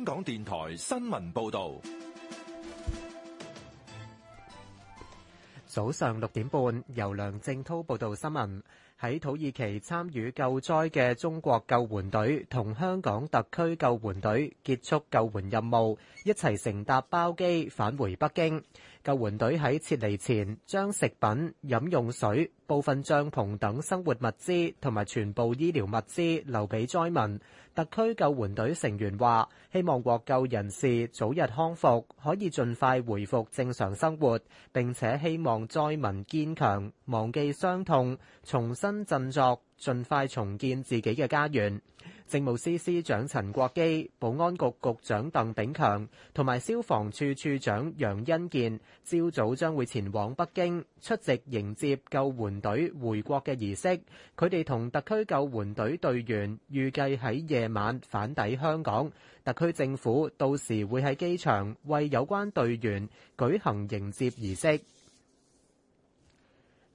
香港電台新聞報道。早上六點半，由梁靜濤報道新聞。喺土耳其參與救災嘅中國救援隊同香港特區救援隊結束救援任務，一齊乘搭包機返回北京。救援隊喺撤離前將食品、飲用水、部分帳篷等生活物資同埋全部醫療物資留俾災民。特區救援隊成員話：希望獲救人士早日康復，可以盡快回復正常生活，並且希望災民堅強，忘記傷痛，重新新振作，盡快重建自己嘅家園。政務司司長陳國基、保安局局長鄧炳強同埋消防處處長楊恩健，朝早將會前往北京出席迎接救援隊回國嘅儀式。佢哋同特區救援隊隊員預計喺夜晚返抵香港，特區政府到時會喺機場為有關隊員舉行迎接儀式。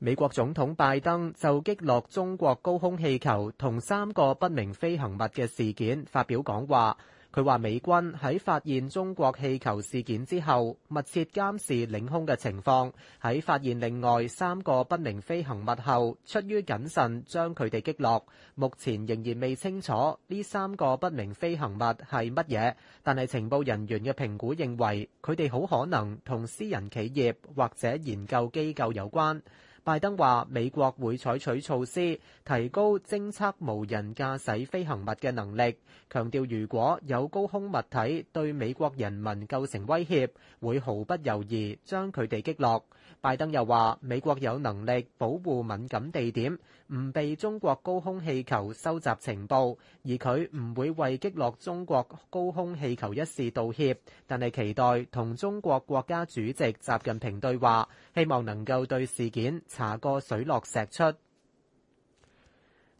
美國總統拜登就擊落中國高空氣球同三個不明飛行物嘅事件發表講話。佢話，美軍喺發現中國氣球事件之後，密切監視領空嘅情況；喺發現另外三個不明飛行物後，出於謹慎將佢哋擊落。目前仍然未清楚呢三個不明飛行物係乜嘢，但係情報人員嘅評估認為，佢哋好可能同私人企業或者研究機構有關。拜登話：美國會採取措施，提高偵測無人駕駛飛行物嘅能力，強調如果有高空物體對美國人民構成威脅，會毫不猶豫將佢哋擊落。拜登又話美國有能力保護敏感地點，唔被中國高空氣球收集情報，而佢唔會為擊落中國高空氣球一事道歉，但係期待同中國國家主席習近平對話，希望能夠對事件查個水落石出。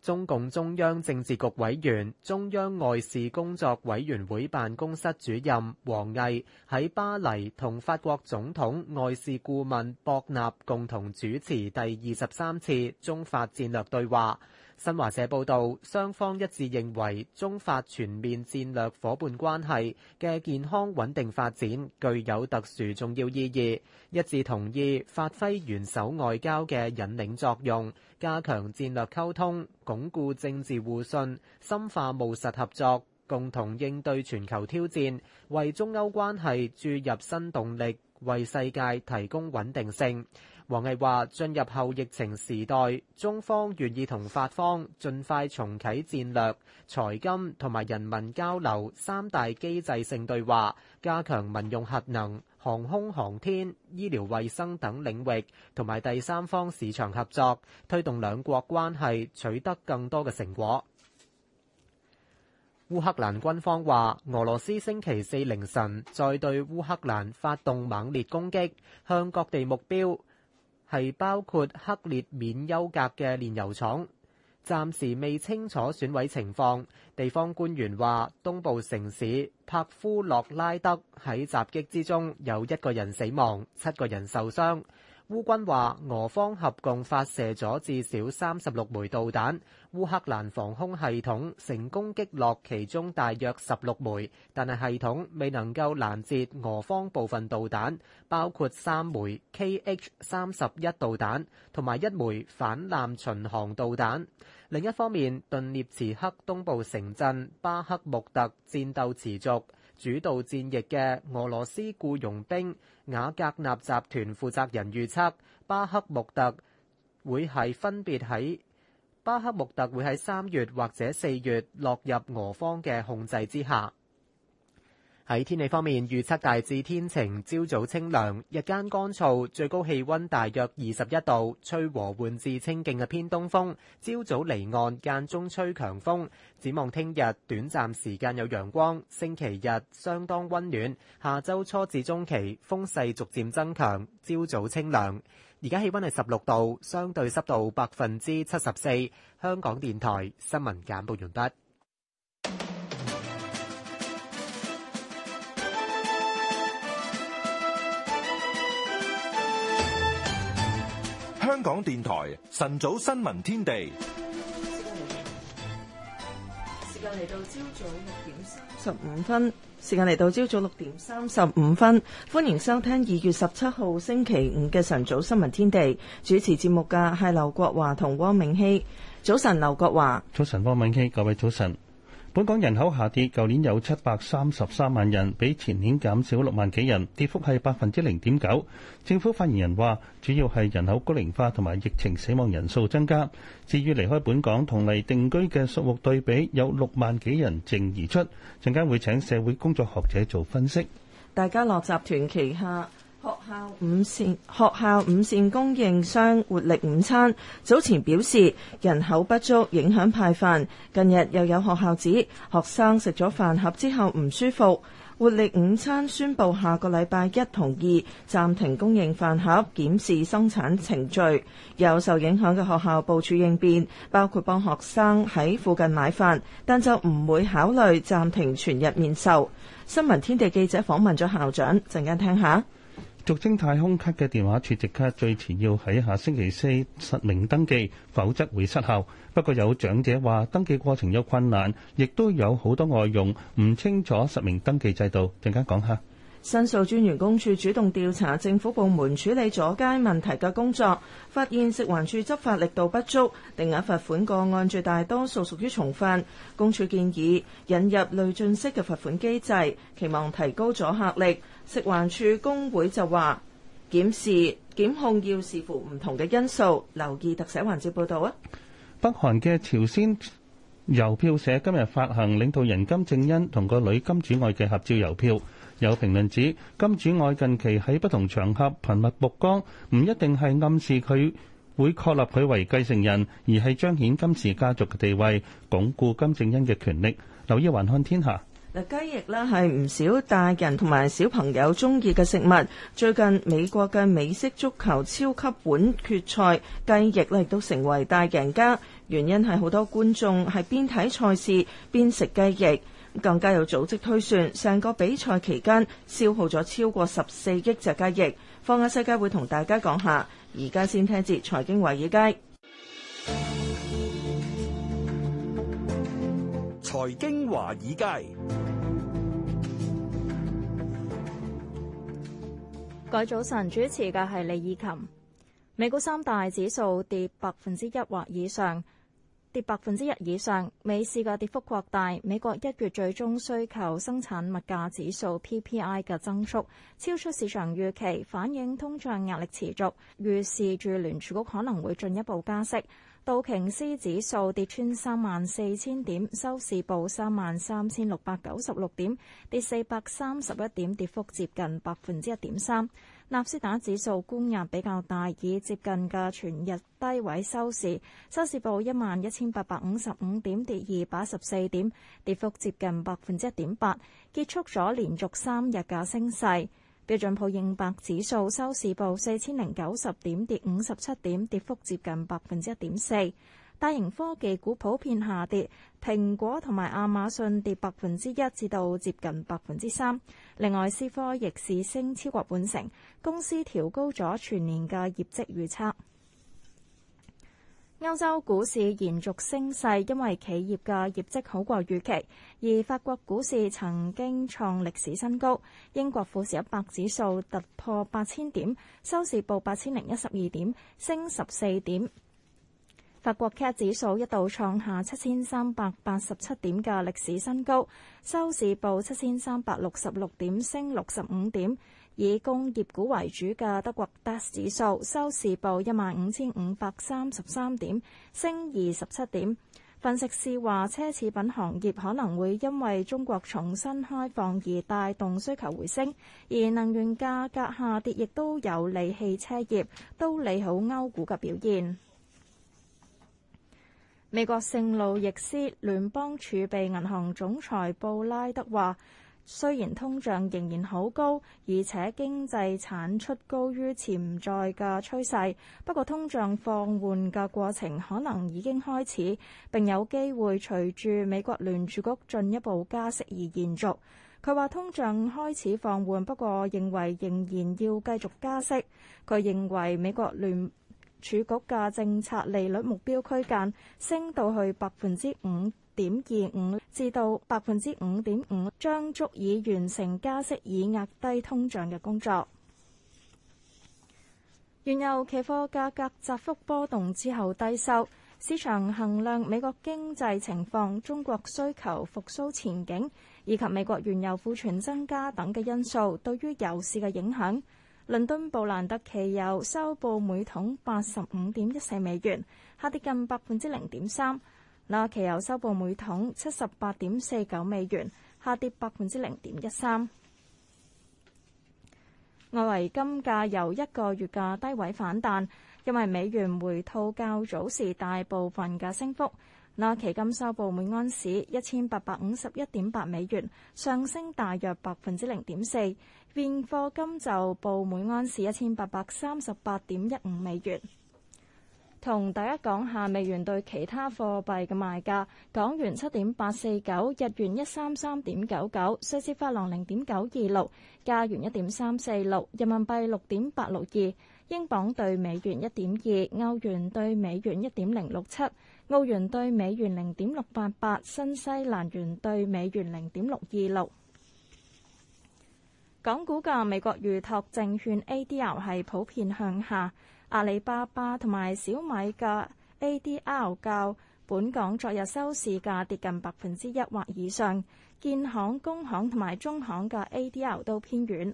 中共中央政治局委員、中央外事工作委員會辦公室主任王毅喺巴黎同法國總統外事顧問博納共同主持第二十三次中法戰略對話。新華社報道，雙方一致認為中法全面戰略夥伴關係嘅健康穩定發展具有特殊重要意義，一致同意發揮元首外交嘅引領作用。加強戰略溝通，鞏固政治互信，深化務實合作，共同應對全球挑戰，為中歐關係注入新動力，為世界提供穩定性。王毅話：進入後疫情時代，中方願意同法方盡快重啟戰略、財金同埋人民交流三大機制性對話，加強民用核能。航空航天、醫療衛生等領域同埋第三方市場合作，推動兩國關係取得更多嘅成果。烏克蘭軍方話，俄羅斯星期四凌晨再對烏克蘭發動猛烈攻擊，向各地目標係包括克列緬丘格嘅煉油廠。暫時未清楚損毀情況，地方官員話，東部城市帕夫洛拉德喺襲擊之中有一個人死亡，七個人受傷。烏軍話，俄方合共發射咗至少三十六枚導彈，烏克蘭防空系統成功擊落其中大約十六枚，但係系統未能夠攔截俄方部分導彈，包括三枚 Kh 三十一導彈同埋一枚反艦巡航導彈。另一方面，頓涅茨克東部城鎮巴克穆特戰鬥持續。主導戰役嘅俄羅斯僱傭兵雅格納集團負責人預測，巴克穆特會係分別喺巴克穆特會喺三月或者四月落入俄方嘅控制之下。喺天氣方面，預測大致天晴，朝早清涼，日間乾燥，最高氣溫大約二十一度，吹和緩至清勁嘅偏東風。朝早離岸間中吹強風。展望聽日短暫時間有陽光，星期日相當溫暖。下周初至中期風勢逐漸增強，朝早清涼。而家氣溫係十六度，相對濕度百分之七十四。香港電台新聞簡報完畢。香港電台晨早新聞天地，時間嚟到朝早六點三十五分，時間嚟到朝早六點三十五分，歡迎收聽二月十七號星期五嘅晨早新聞天地，主持節目嘅係劉國華同汪敏希，早晨劉國華，早晨汪敏希，各位早晨。本港人口下跌，舊年有七百三十三萬人，比前年減少六萬幾人，跌幅係百分之零點九。政府發言人話，主要係人口高齡化同埋疫情死亡人數增加。至於離開本港同嚟定居嘅數目對比，有六萬幾人淨而出。陣間會請社會工作學者做分析。大家樂集團旗下。學校午膳學校午膳供應商活力午餐早前表示人口不足影響派飯，近日又有學校指學生食咗飯盒之後唔舒服。活力午餐宣布下個禮拜一同二暫停供應飯盒，檢視生產程序。有受影響嘅學校部署應變，包括幫學生喺附近買飯，但就唔會考慮暫停全日面授。新聞天地記者訪問咗校長，陣間聽下。俗稱太空卡嘅電話儲值卡，最遲要喺下星期四實名登記，否則會失效。不過有長者話登記過程有困難，亦都有好多外傭唔清楚實名登記制度，陣間講下。申訴專員公署主動調查政府部門處理阻街問題嘅工作，發現食環署執法力度不足，定額罰款個案絕大多數屬於重犯。公署建議引入累進式嘅罰款機制，期望提高阻嚇力。食環署工會就話檢視檢控要視乎唔同嘅因素，留意特寫環節報導啊！北韓嘅朝鮮郵票社今日發行領導人金正恩同個女金主愛嘅合照郵票。有評論指金主愛近期喺不同場合頻密曝光，唔一定係暗示佢會確立佢為繼承人，而係彰顯金氏家族嘅地位，鞏固金正恩嘅權力。留意環看天下嗱！雞翼咧，係唔少大人同埋小朋友中意嘅食物。最近美國嘅美式足球超級碗決賽雞翼咧都成為大贏家，原因係好多觀眾係邊睇賽事邊食雞翼。更加有組織推算，成個比賽期間消耗咗超過十四億隻雞翼。放眼世界，會同大家講下。而家先聽節《財經華爾街》。財經華爾街，各位早晨，主持嘅係李以琴。美股三大指數跌百分之一或以上。1> 跌百分之一以上，美市嘅跌幅擴大。美國一月最終需求生產物價指數 PPI 嘅增速超出市場預期，反映通脹壓力持續，預示住聯儲局可能會進一步加息。道瓊斯指數跌穿三萬四千點，收市報三萬三千六百九十六點，跌四百三十一點，跌幅接近百分之一點三。納斯達克指數沽壓比較大，以接近嘅全日低位收市，收市報一萬一千八百五十五點，跌二百一十四點，跌幅接近百分之一點八，結束咗連續三日嘅升勢。標準普應百指數收市報四千零九十點，跌五十七點，跌幅接近百分之一點四。大型科技股普遍下跌，蘋果同埋亞馬遜跌百分之一至到接近百分之三。另外，思科亦是升超過半成，公司調高咗全年嘅業績預測。歐洲股市延續升勢，因為企業嘅業績好過預期，而法國股市曾經創歷史新高。英國富時一百指數突破八千點，收市報八千零一十二點，升十四點。德國 CAC 指數一度創下七千三百八十七點嘅歷史新高，收市報七千三百六十六點，升六十五點。以工業股為主嘅德國 DAX 指數收市報一萬五千五百三十三點，升二十七點。分析師話，奢侈品行業可能會因為中國重新開放而帶動需求回升，而能源價格下跌亦都有利汽車業，都利好歐股嘅表現。美國聖路易斯聯邦儲備銀行總裁布拉德話：雖然通脹仍然好高，而且經濟產出高於潛在嘅趨勢，不過通脹放緩嘅過程可能已經開始，並有機會隨住美國聯儲局進一步加息而延續。佢話通脹開始放緩，不過認為仍然要繼續加息。佢認為美國聯儲局嘅政策利率目標區間升到去百分之五點二五至到百分之五點五，將足以完成加息以壓低通脹嘅工作。原油期貨價格窄幅波動之後低收，市場衡量美國經濟情況、中國需求復蘇前景，以及美國原油庫存增加等嘅因素對於油市嘅影響。倫敦布蘭特期油收報每桶八十五點一四美元，下跌近百分之零點三；那期油收報每桶七十八點四九美元，下跌百分之零點一三。外圍金價由一個月嘅低位反彈，因為美元回吐較較早時大部分嘅升幅。嗱，期金收報每盎司一千八百五十一點八美元，上升大約百分之零點四，現貨金就報每盎司一千八百三十八點一五美元。同大家講下美元對其他貨幣嘅賣價：港元七點八四九，日元一三三點九九，瑞士法郎零點九二六，加元一點三四六，人民幣六點八六二。英鎊兌美元一點二，歐元兌美元一點零六七，澳元兌美元零點六八八，新西蘭元兌美元零點六二六。港股嘅美國預託證券 ADR 係普遍向下，阿里巴巴同埋小米嘅 ADR 較本港昨日收市價跌近百分之一或以上，建行、工行同埋中行嘅 ADR 都偏軟。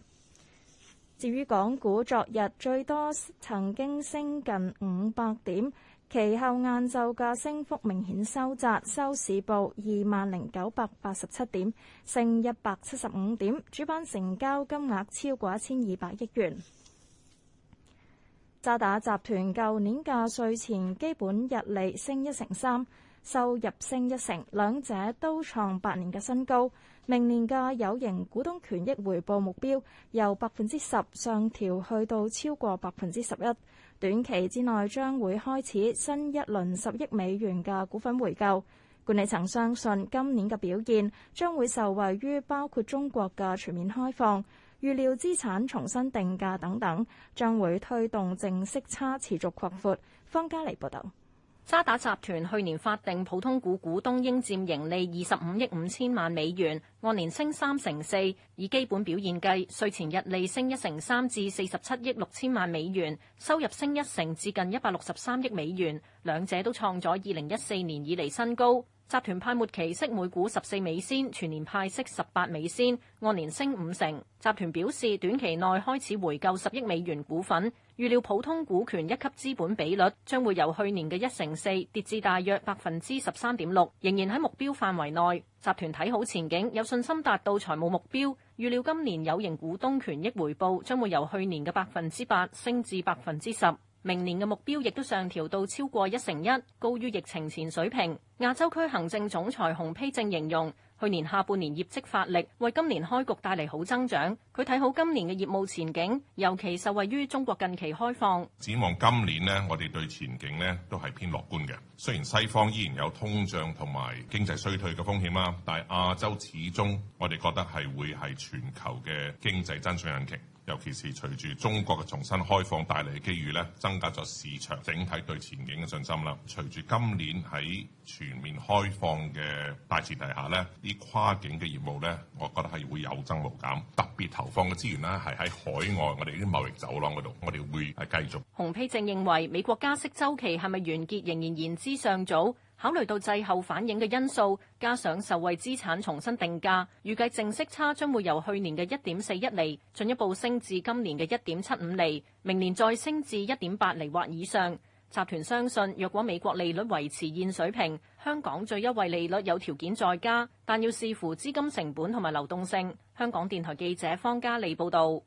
至於港股昨日最多曾經升近五百點，其後晏晝嘅升幅明顯收窄，收市報二萬零九百八十七點，升一百七十五點，主板成交金額超過一千二百億元。渣打集團舊年嘅稅前基本溢利升一成三，收入升一成，兩者都創八年嘅新高。明年嘅有形股東權益回報目標由百分之十上調去到超過百分之十一，短期之內將會開始新一輪十億美元嘅股份回購。管理層相信今年嘅表現將會受惠於包括中國嘅全面開放、預料資產重新定價等等，將會推動淨息差持續擴闊。方嘉莉報道。渣打集團去年法定普通股，股東應佔盈，盈利二十五億五千萬美元，按年升三成四。以基本表現計，稅前溢利升一成三至四十七億六千萬美元，收入升一成至近一百六十三億美元，兩者都創咗二零一四年以嚟新高。集團派末期息每股十四美仙，全年派息十八美仙，按年升五成。集團表示，短期內開始回購十億美元股份，預料普通股權一級資本比率將會由去年嘅一成四跌至大約百分之十三點六，仍然喺目標範圍內。集團睇好前景，有信心達到財務目標，預料今年有形股東權益回報將會由去年嘅百分之八升至百分之十。明年嘅目標亦都上調到超過一成一，高於疫情前水平。亞洲區行政總裁洪丕正形容，去年下半年業績發力，為今年開局帶嚟好增長。佢睇好今年嘅業務前景，尤其受惠於中國近期開放。展望今年呢，我哋對前景呢都係偏樂觀嘅。雖然西方依然有通脹同埋經濟衰退嘅風險啦，但係亞洲始終我哋覺得係會係全球嘅經濟增長引擎。尤其是隨住中國嘅重新開放帶嚟嘅機遇咧，增加咗市場整體對前景嘅信心啦。隨住今年喺全面開放嘅大前提下咧，啲跨境嘅業務咧，我覺得係會有增無減。特別投放嘅資源咧，係喺海外我哋啲貿易走廊嗰度，我哋會係繼續。洪丕正認為美國加息周期係咪完結，仍然言之尚早。考慮到滯後反應嘅因素，加上受惠資產重新定價，預計淨息差將會由去年嘅一點四一厘進一步升至今年嘅一點七五厘，明年再升至一點八厘或以上。集團相信，若果美國利率維持現水平，香港最優惠利率有條件再加，但要視乎資金成本同埋流動性。香港電台記者方嘉利報導。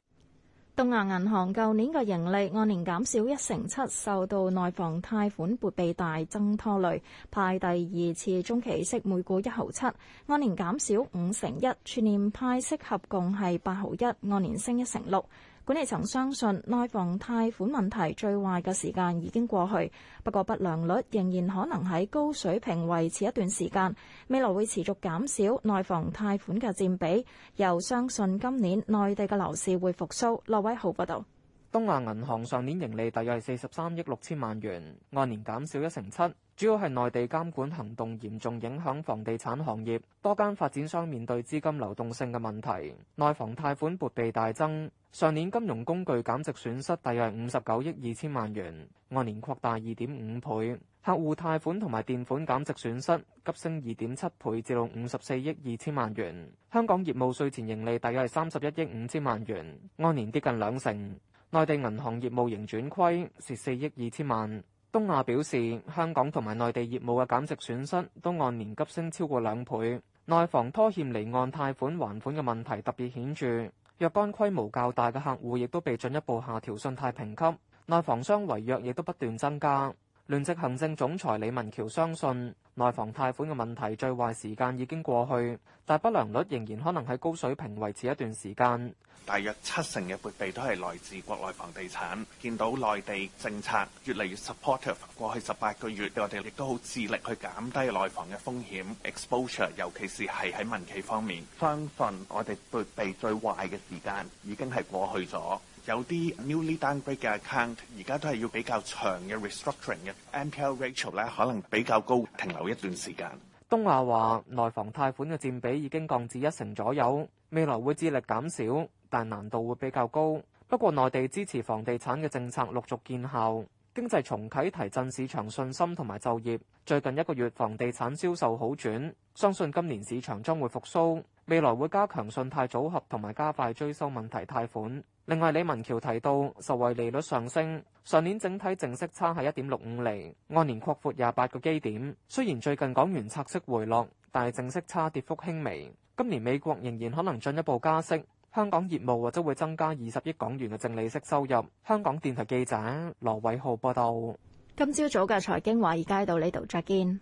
東亞銀行舊年嘅盈利按年減少一成七，受到內房貸款撥備大增拖累。派第二次中期息每股一毫七，按年減少五成一，全年派息合共係八毫一，按年升一成六。管理層相信內房貸款問題最壞嘅時間已經過去，不過不良率仍然可能喺高水平維持一段時間。未來會持續減少內房貸款嘅佔比。又相信今年內地嘅樓市會復甦。羅威豪報道，東亞銀行上年盈利大約係四十三億六千萬元，按年減少一成七。主要係內地監管行動嚴重影響房地產行業，多間發展商面對資金流動性嘅問題，內房貸款撥備大增。上年金融工具減值損失大約係五十九億二千萬元，按年擴大二點五倍。客戶貸款同埋墊款減值損失急升二點七倍，至到五十四億二千萬元。香港業務稅前盈利大約係三十一億五千萬元，按年跌近兩成。內地銀行業務盈轉虧蝕四億二千萬。東亞表示，香港同埋內地業務嘅減值損失都按年急升超過兩倍，內房拖欠離岸貸款還款嘅問題特別顯著，若干規模較大嘅客戶亦都被進一步下調信貸評級，內房商違約亦都不斷增加。聯席行政總裁李文橋相信，內房貸款嘅問題最壞時間已經過去，但不良率仍然可能喺高水平維持一段時間。大約七成嘅撥備都係來自國內房地產，見到內地政策越嚟越 supportive，過去十八個月我哋亦都好致力去減低內房嘅風險 exposure，尤其是係喺民企方面，相信我哋撥備最壞嘅時間已經係過去咗。有啲 newly downgrade account，而家都係要比較長嘅 restructuring 嘅 NPL ratio 咧，可能比較高，停留一段時間。東亞話，內房貸款嘅佔比已經降至一成左右，未來會致力減少，但難度會比較高。不過內地支持房地產嘅政策陸續見效，經濟重啟提振市場信心同埋就業。最近一個月房地產銷售好轉，相信今年市場將會復甦，未來會加強信貸組合同埋加快追收問題貸款。另外，李文橋提到，受惠利率上升，上年整體淨息差係一點六五厘，按年擴闊廿八個基點。雖然最近港元拆息回落，但係淨息差跌幅輕微。今年美國仍然可能進一步加息，香港業務則會增加二十億港元嘅淨利息收入。香港電台記者羅偉浩報道。今朝早嘅財經話，已街到呢度，再見。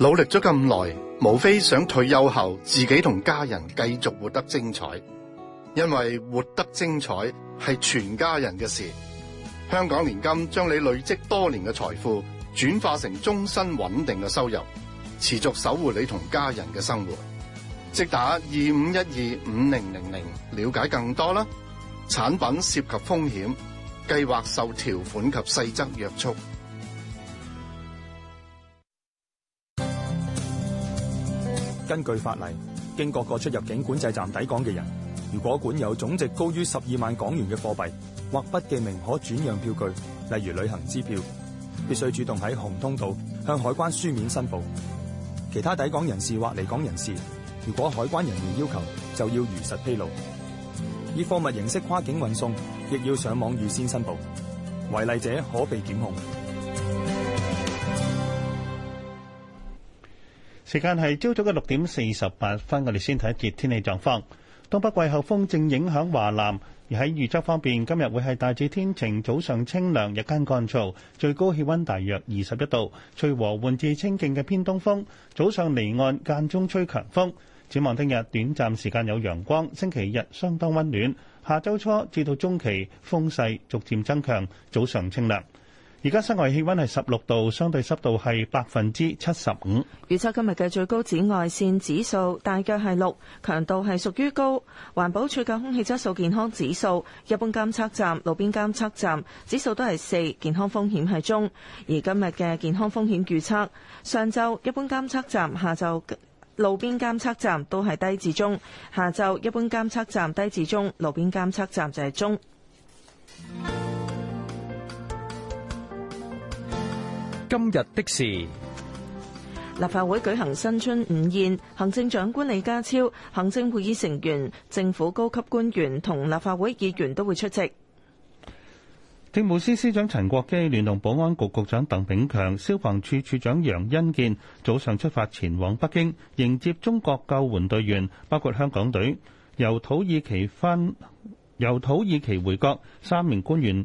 努力咗咁耐，無非想退休後自己同家人繼續活得精彩。因為活得精彩係全家人嘅事，香港年金將你累積多年嘅財富轉化成終身穩定嘅收入，持續守護你同家人嘅生活。即打二五一二五零零零了解更多啦。產品涉及風險，計劃受條款及細則約束。根據法例，經各個出入境管制站抵港嘅人。如果管有總值高於十二萬港元嘅貨幣或不記名可轉讓票據，例如旅行支票，必須主動喺紅通道向海關書面申報。其他抵港人士或離港人士，如果海關人員要求，就要如實披露。以貨物形式跨境運送，亦要上網預先申報，違例者可被檢控。時間係朝早嘅六點四十八分，我哋先睇一節天氣狀況。東北季候風正影響華南，而喺預測方面，今日會係大致天晴，早上清涼，日間乾燥，最高氣温大約二十一度，吹和緩至清勁嘅偏東風，早上離岸間中吹強風。展望聽日短暫時間有陽光，星期日相當温暖，下周初至到中期風勢逐漸增強，早上清涼。而家室外氣温係十六度，相對濕度係百分之七十五。預測今日嘅最高紫外線指數大約係六，強度係屬於高。環保署嘅空氣質素健康指數，一般監測站、路邊監測站指數都係四，健康風險係中。而今日嘅健康風險預測，上晝一般監測站、下晝路邊監測站都係低至中；下晝一般監測站低至中，路邊監測站就係中。 今日的事，立法會舉行新春午宴，行政長官李家超、行政會議成員、政府高級官員同立法會議員都會出席。政務司司長陳國基、聯同保安局局長鄧炳強、消防處處長楊恩健早上出發前往北京迎接中國救援隊員，包括香港隊，由土耳其翻由土耳其回國，三名官員，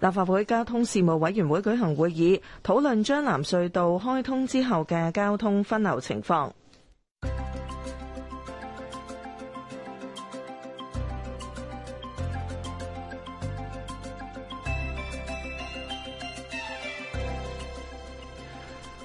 立法會交通事務委員會舉行會議，討論將南隧道開通之後嘅交通分流情況。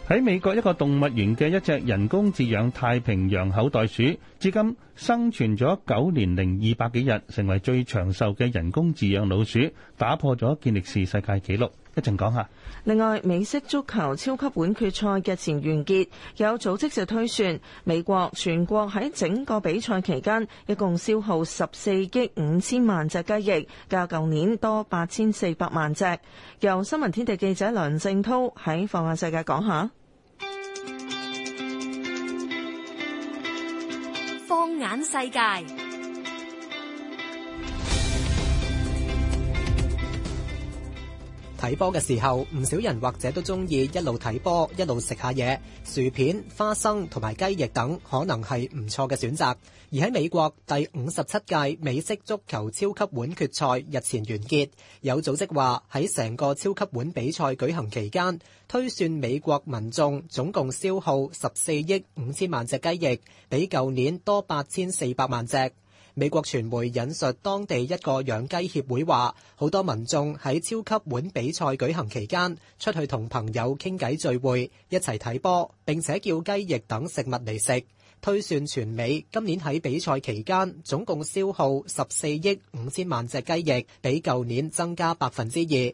喺美國一個動物園嘅一隻人工飼養太平洋口袋鼠。至今生存咗九年零二百幾日，成為最長壽嘅人工飼養老鼠，打破咗健力士世界紀錄。一陣講下。另外，美式足球超級碗決賽日前完結，有組織就推算美國全國喺整個比賽期間，一共消耗十四億五千萬隻雞翼，較舊年多八千四百萬隻。由新聞天地記者梁正濤喺放眼世界講下。放眼世界。睇波嘅時候，唔少人或者都中意一路睇波，一路食下嘢，薯片、花生同埋雞翼等可能係唔錯嘅選擇。而喺美國第五十七屆美式足球超級碗決賽日前完結，有組織話喺成個超級碗比賽舉行期間，推算美國民眾總共消耗十四億五千萬隻雞翼，比舊年多八千四百萬隻。美國傳媒引述當地一個養雞協會話，好多民眾喺超級碗比賽舉行期間，出去同朋友傾偈聚會，一齊睇波，並且叫雞翼等食物嚟食。推算全美今年喺比賽期間總共消耗十四億五千萬隻雞翼，比舊年增加百分之二。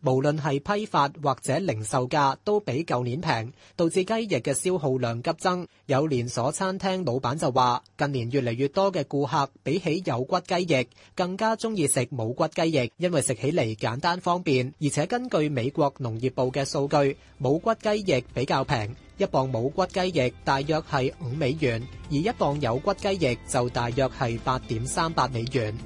無論係批發或者零售價都比舊年平，導致雞翼嘅消耗量急增。有連鎖餐廳老闆就話，近年越嚟越多嘅顧客比起有骨雞翼，更加中意食冇骨雞翼，因為食起嚟簡單方便。而且根據美國農業部嘅數據，冇骨雞翼比較平，一磅冇骨雞翼大約係五美元，而一磅有骨雞翼就大約係八點三八美元。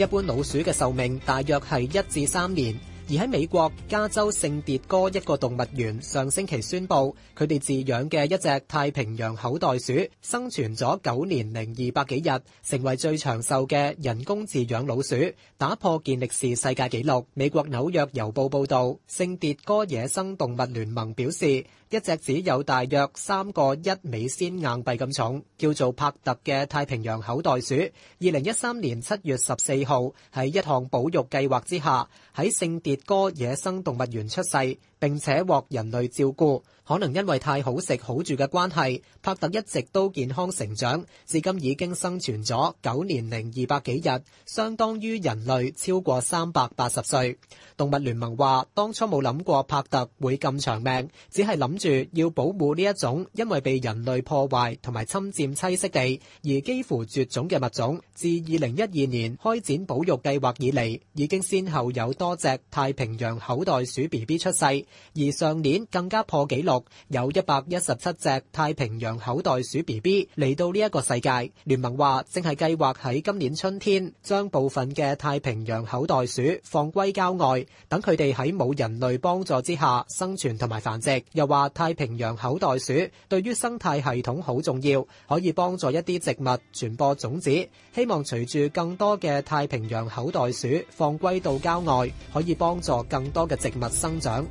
一般老鼠嘅壽命大約係一至三年，而喺美國加州聖迭戈一個動物園上星期宣布，佢哋飼養嘅一隻太平洋口袋鼠生存咗九年零二百幾日，成為最長壽嘅人工飼養老鼠，打破健力士世界紀錄。美國紐約郵報報導，聖迭戈野生動物聯盟表示，一隻只有大約三個一美仙硬幣咁重，叫做帕特嘅太平洋口袋鼠，二零一三年七月十四號，喺一項保育計劃之下，喺聖迭戈野生動物園出世。並且獲人類照顧，可能因為太好食好住嘅關係，帕特一直都健康成長。至今已經生存咗九年零二百幾日，相當於人類超過三百八十歲。動物聯盟話：當初冇諗過帕特會咁長命，只係諗住要保護呢一種因為被人類破壞同埋侵佔棲息地而幾乎絕種嘅物種。自二零一二年開展保育計劃以嚟，已經先後有多隻太平洋口袋鼠 BB 出世。而上年更加破紀錄，有一百一十七隻太平洋口袋鼠 BB 嚟到呢一個世界。聯盟話正係計劃喺今年春天將部分嘅太平洋口袋鼠放歸郊外，等佢哋喺冇人類幫助之下生存同埋繁殖。又話太平洋口袋鼠對於生態系統好重要，可以幫助一啲植物傳播種子。希望隨住更多嘅太平洋口袋鼠放歸到郊外，可以幫助更多嘅植物生長。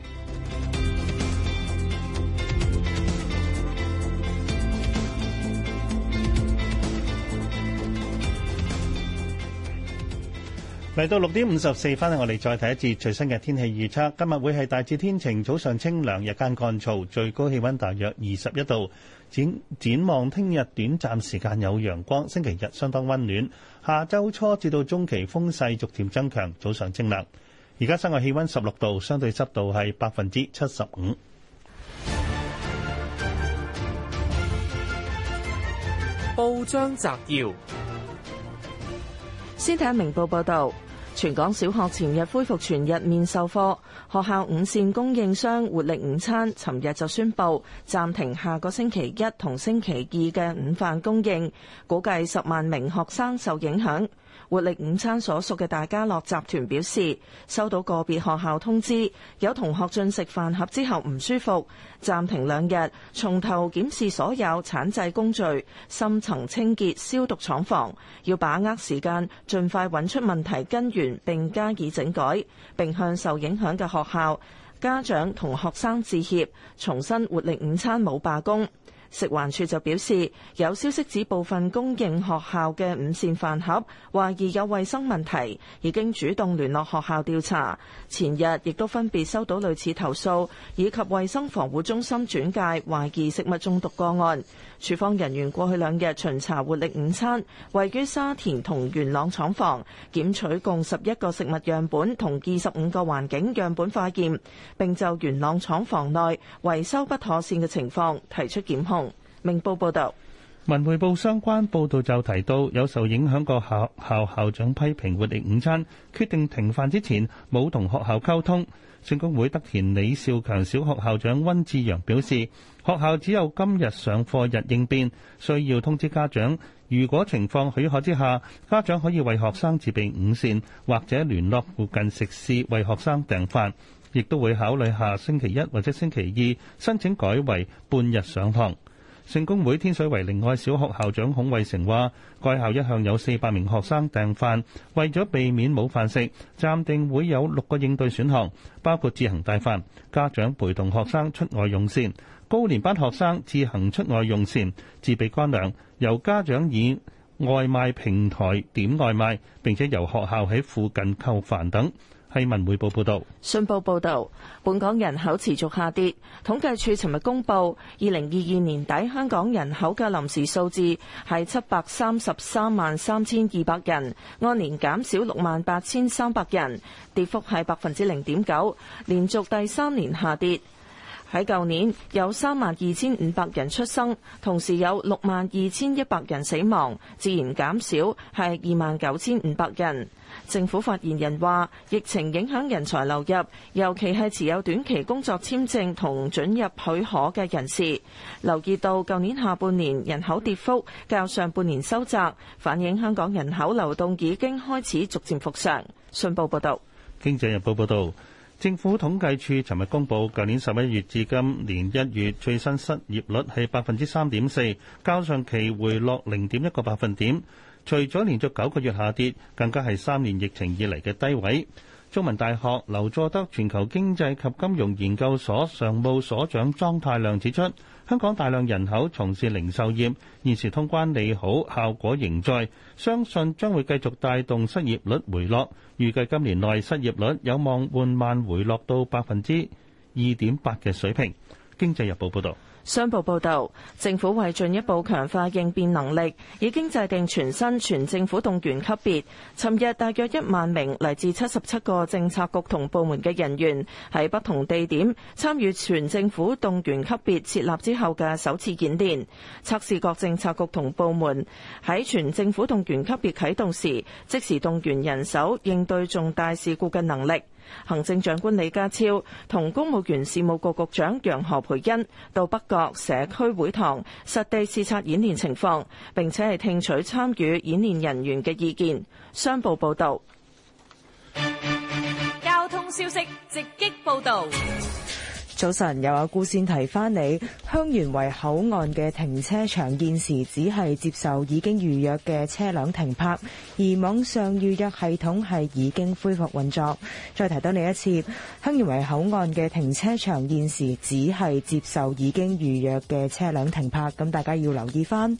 嚟到六點五十四分，我哋再睇一節最新嘅天氣預測。今日會係大致天晴，早上清涼，日間乾燥，最高氣溫大約二十一度。展展望聽日短暫時間有陽光，星期日相當溫暖。下周初至到中期風勢逐漸增強，早上清涼。而家室外氣溫十六度，相對濕度係百分之七十五。報章摘要：先睇下《明報》報道，全港小學前日恢復全日面授課，學校午膳供應商活力午餐，尋日就宣布暫停下個星期一同星期二嘅午飯供應，估計十萬名學生受影響。活力午餐所屬嘅大家樂集團表示，收到個別學校通知，有同學進食飯盒之後唔舒服，暫停兩日，從頭檢視所有產製工序，深層清潔消毒廠房，要把握時間，儘快揾出問題根源並加以整改，並向受影響嘅學校家長同學生致歉，重申活力午餐冇罷工。食環署就表示，有消息指部分供應學校嘅午膳飯盒懷疑有衛生問題，已經主動聯絡學校調查。前日亦都分別收到類似投訴，以及衛生防護中心轉介懷疑食物中毒個案。處方人員過去兩日巡查活力午餐，位於沙田同元朗廠房，檢取共十一個食物樣本同二十五個環境樣本化驗，並就元朗廠房內維修不妥善嘅情況提出檢控。明報報導，文匯報相關報導就提到，有受影響個校校校長批評活力午餐決定停飯之前冇同學校溝通。聖公會德田李兆強小學校，校長温志陽表示，學校只有今日上課日應變，需要通知家長。如果情況許可之下，家長可以為學生自備午膳，或者聯絡附近食肆為學生訂飯，亦都會考慮下星期一或者星期二申請改為半日上堂。聖公會天水圍靈愛小學校長孔慧成話，該校一向有四百名學生訂飯，為咗避免冇飯食，暫定會有六個應對選項，包括自行帶飯、家長陪同學生出外用膳、高年班學生自行出外用膳、自備乾糧、由家長以外賣平台點外賣，並且由學校喺附近購飯等。《文匯報》報道，《信報》報道，本港人口持續下跌。統計處尋日公佈，二零二二年底香港人口嘅臨時數字係七百三十三萬三千二百人，按年減少六萬八千三百人，跌幅係百分之零點九，連續第三年下跌。喺舊年有三萬二千五百人出生，同時有六萬二千一百人死亡，自然減少係二萬九千五百人。政府發言人話：疫情影響人才流入，尤其係持有短期工作簽證同准入許可嘅人士。留意到，舊年下半年人口跌幅較上半年收窄，反映香港人口流動已經開始逐漸復常。信報報道，《經濟日報》報道，政府統計處尋日公佈，舊年十一月至今年一月最新失業率係百分之三點四，較上期回落零點一個百分點。除咗連續九個月下跌，更加係三年疫情以嚟嘅低位。中文大學劉佐德全球經濟及金融研究所常務所長莊太亮指出，香港大量人口從事零售業，現時通關利好效果仍在，相信將會繼續帶動失業率回落，預計今年內失業率有望緩慢回落到百分之二點八嘅水平。經濟日報報導。商報報導，政府為進一步強化應變能力，已經制定全新全政府動員級別。尋日，大約一萬名嚟自七十七個政策局同部門嘅人員，喺不同地點參與全政府動員級別設立之後嘅首次演練，測試各政策局同部門喺全政府動員級別啟動時，即時動員人手應對重大事故嘅能力。行政長官李家超同公務員事務局局、局長楊何蓓茵到北角社區會堂實地視察演練情況，並且係聽取參與演練人員嘅意見。商報報道。交通消息，直擊報道。早晨，又阿顧先提翻你，香園圍口岸嘅停車場現時只係接受已經預約嘅車輛停泊，而網上預約系統係已經恢復運作。再提多你一次，香園圍口岸嘅停車場現時只係接受已經預約嘅車輛停泊，咁大家要留意翻。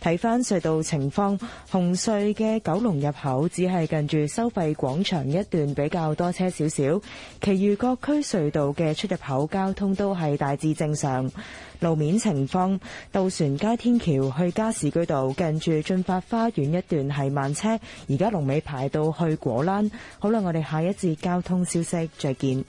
睇翻隧道情況，紅隧嘅九龍入口只係近住收費廣場一段比較多車少少，其餘各區隧道嘅出入口交通都係大致正常。路面情況，渡船街天橋去加士居道近住駿發花園一段係慢車，而家龍尾排到去果欄。好啦，我哋下一節交通消息再見。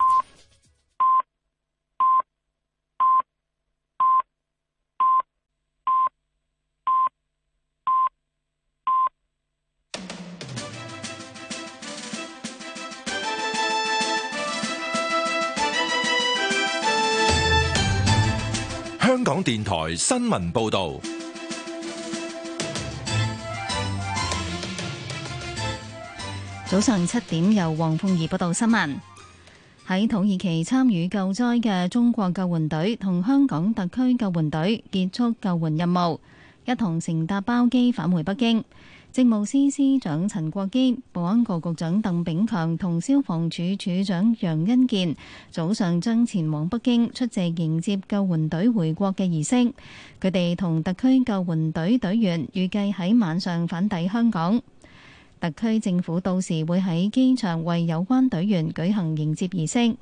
香港電台新聞報道，早上七點由黃鳳儀報導新聞。喺土耳其參與救災嘅中國救援隊同香港特區救援隊結束救援任務，一同乘搭包機返回北京。政務司司長陳國基、保安局局長鄧炳強同消防處處長楊恩健早上將前往北京出席迎接救援隊回國嘅儀式，佢哋同特區救援隊隊員預計喺晚上返抵香港，特區政府到時會喺機場為有關隊員舉行迎接儀式。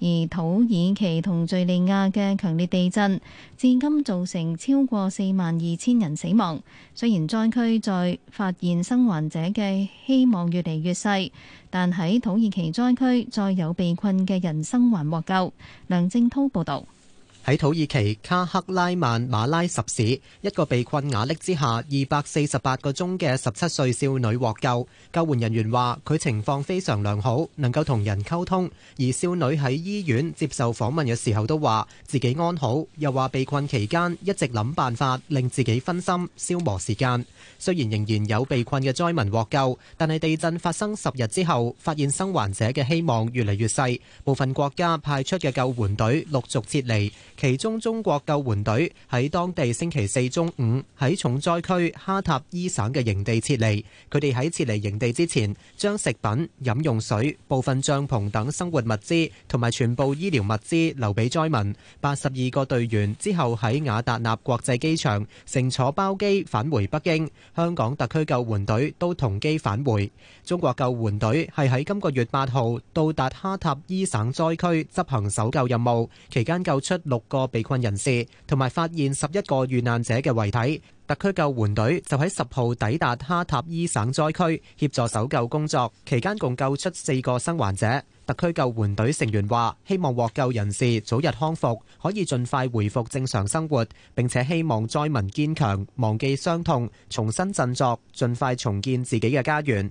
而土耳其同敘利亞嘅強烈地震，至今造成超過四萬二千人死亡。雖然災區再發現生還者嘅希望越嚟越細，但喺土耳其災區再有被困嘅人生還獲救。梁正濤報道。喺土耳其卡克拉曼馬拉什市，一個被困瓦礫之下二百四十八個鐘嘅十七歲少女獲救。救援人員話佢情況非常良好，能夠同人溝通。而少女喺醫院接受訪問嘅時候都話自己安好，又話被困期間一直諗辦法令自己分心，消磨時間。雖然仍然有被困嘅災民獲救，但係地震發生十日之後，發現生還者嘅希望越嚟越細。部分國家派出嘅救援隊陸續撤離。其中中國救援隊喺當地星期四中午喺重災區哈塔伊省嘅營地撤離，佢哋喺撤離營地之前，將食品、飲用水、部分帳篷等生活物資同埋全部醫療物資留俾災民。八十二個隊員之後喺雅達納國際機場乘坐包機返回北京，香港特區救援隊都同機返回。中國救援隊係喺今個月八號到達哈塔伊省災區執行搜救任務，期間救出六個被困人士同埋發現十一個遇難者嘅遺體，特區救援隊就喺十號抵達哈塔伊省災區協助搜救工作，期間共救出四個生還者。特區救援隊成員話：希望獲救人士早日康復，可以盡快回復正常生活，並且希望災民堅強，忘記傷痛，重新振作，盡快重建自己嘅家園。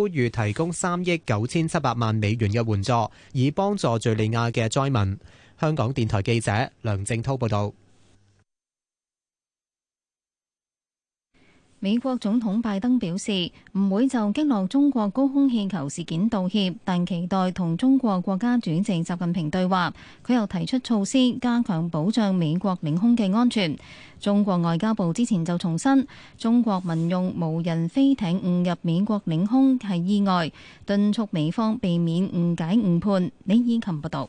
呼籲提供三億九千七百萬美元嘅援助，以幫助敘利亞嘅災民。香港電台記者梁正濤報道。美國總統拜登表示，唔會就擊落中國高空氣球事件道歉，但期待同中國國家主席習近平對話。佢又提出措施加強保障美國領空嘅安全。中國外交部之前就重申，中國民用無人飛艇誤入美國領空係意外，敦促美方避免誤解誤判。李以琴報道。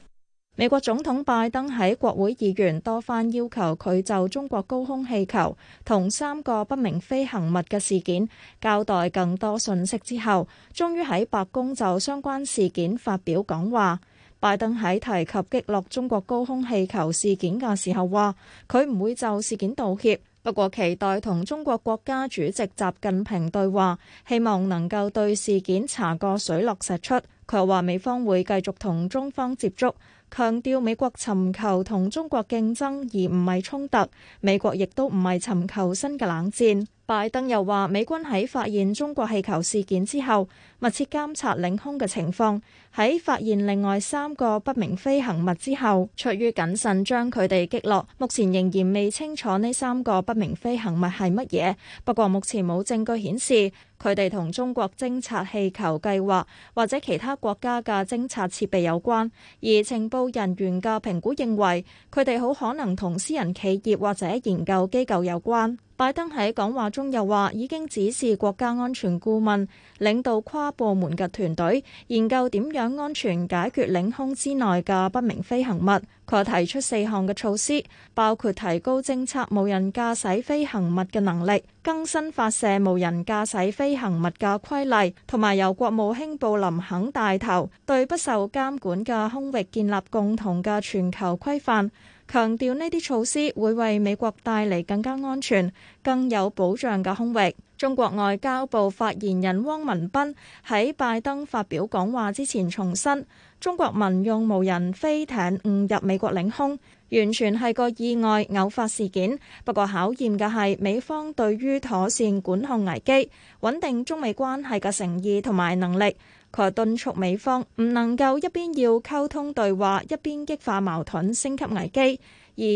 美國總統拜登喺國會議員多番要求佢就中國高空氣球同三個不明飛行物嘅事件交代更多信息之後，終於喺白宮就相關事件發表講話。拜登喺提及擊落中國高空氣球事件嘅時候話，佢唔會就事件道歉，不過期待同中國國家主席習近平對話，希望能夠對事件查個水落石出。佢又話，美方會繼續同中方接觸。強調美國尋求同中國競爭而唔係衝突，美國亦都唔係尋求新嘅冷戰。拜登又話，美軍喺發現中國氣球事件之後，密切監察領空嘅情況。喺發現另外三個不明飛行物之後，出於謹慎，將佢哋擊落。目前仍然未清楚呢三個不明飛行物係乜嘢，不過目前冇證據顯示佢哋同中國偵察氣球計劃或者其他國家嘅偵察設備有關。而情報人員嘅評估認為，佢哋好可能同私人企業或者研究機構有關。拜登喺講話中又話，已經指示國家安全顧問領導跨部門嘅團隊，研究點樣安全解決領空之內嘅不明飛行物。佢提出四項嘅措施，包括提高偵測無人駕駛飛行物嘅能力，更新發射無人駕駛飛行物嘅規例，同埋由國務卿布林肯帶頭，對不受監管嘅空域建立共同嘅全球規範。強調呢啲措施會為美國帶嚟更加安全、更有保障嘅空域。中國外交部發言人汪文斌喺拜登發表講話之前重申，中國民用無人飛艇誤入美國領空，完全係個意外偶發事件。不過考驗嘅係美方對於妥善管控危機、穩定中美關係嘅誠意同埋能力。佢敦促美方唔能夠一邊要溝通對話一邊激化矛盾、升級危機，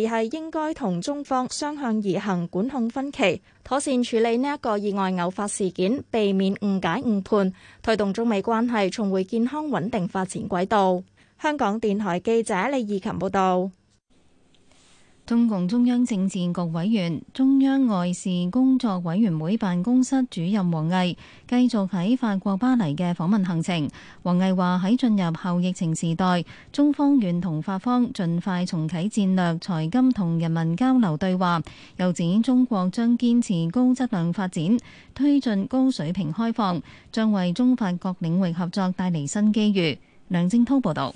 而係應該同中方雙向而行、管控分歧，妥善處理呢一個意外偶發事件，避免誤解誤判，推動中美關係重回健康穩定發展軌道。香港電台記者李義琴報道。中共中央政治局委員、中央外事工作委員會辦公室主任王毅繼續喺法國巴黎嘅訪問行程。王毅話喺進入後疫情時代，中方願同法方盡快重啟戰略、財金同人文交流對話。又指中國將堅持高質量發展，推進高水平開放，將為中法各領域合作帶嚟新機遇。梁正濤報道。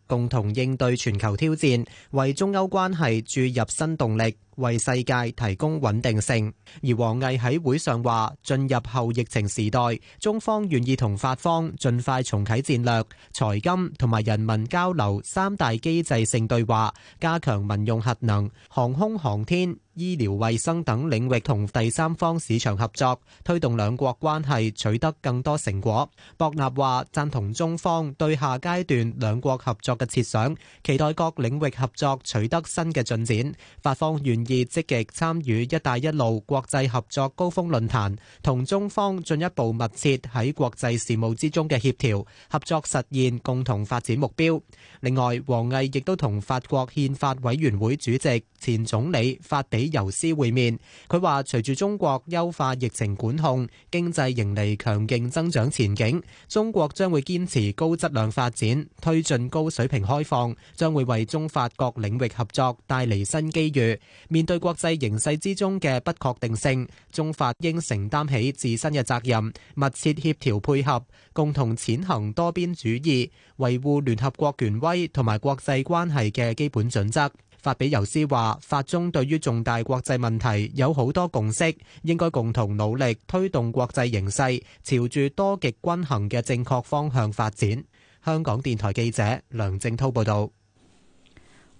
共同應對全球挑戰，為中歐關係注入新動力。為世界提供穩定性。而王毅喺會上話，進入後疫情時代，中方願意同法方盡快重啟戰略、財金同埋人文交流三大機制性對話，加強民用核能、航空航天、醫療衛生等領域同第三方市場合作，推動兩國關係取得更多成果。博納話贊同中方對下階段兩國合作嘅設想，期待各領域合作取得新嘅進展。法方願願意積極參與“一帶一路”國際合作高峰論壇，同中方進一步密切喺國際事務之中嘅協調合作，實現共同發展目標。另外，王毅亦都同法國憲法委員會主席前總理法比尤斯會面，佢話：隨住中國優化疫情管控，經濟迎嚟強勁增長前景，中國將會堅持高質量發展，推進高水平開放，將會為中法各領域合作帶嚟新機遇。面對國際形勢之中嘅不確定性，中法應承擔起自身嘅責任，密切協調配合，共同踐行多邊主義，維護聯合國權威同埋國際關係嘅基本準則。法比尤斯話，法中對於重大國際問題有好多共識，應該共同努力推動國際形勢朝住多極均衡嘅正確方向發展。香港電台記者梁正滔報道。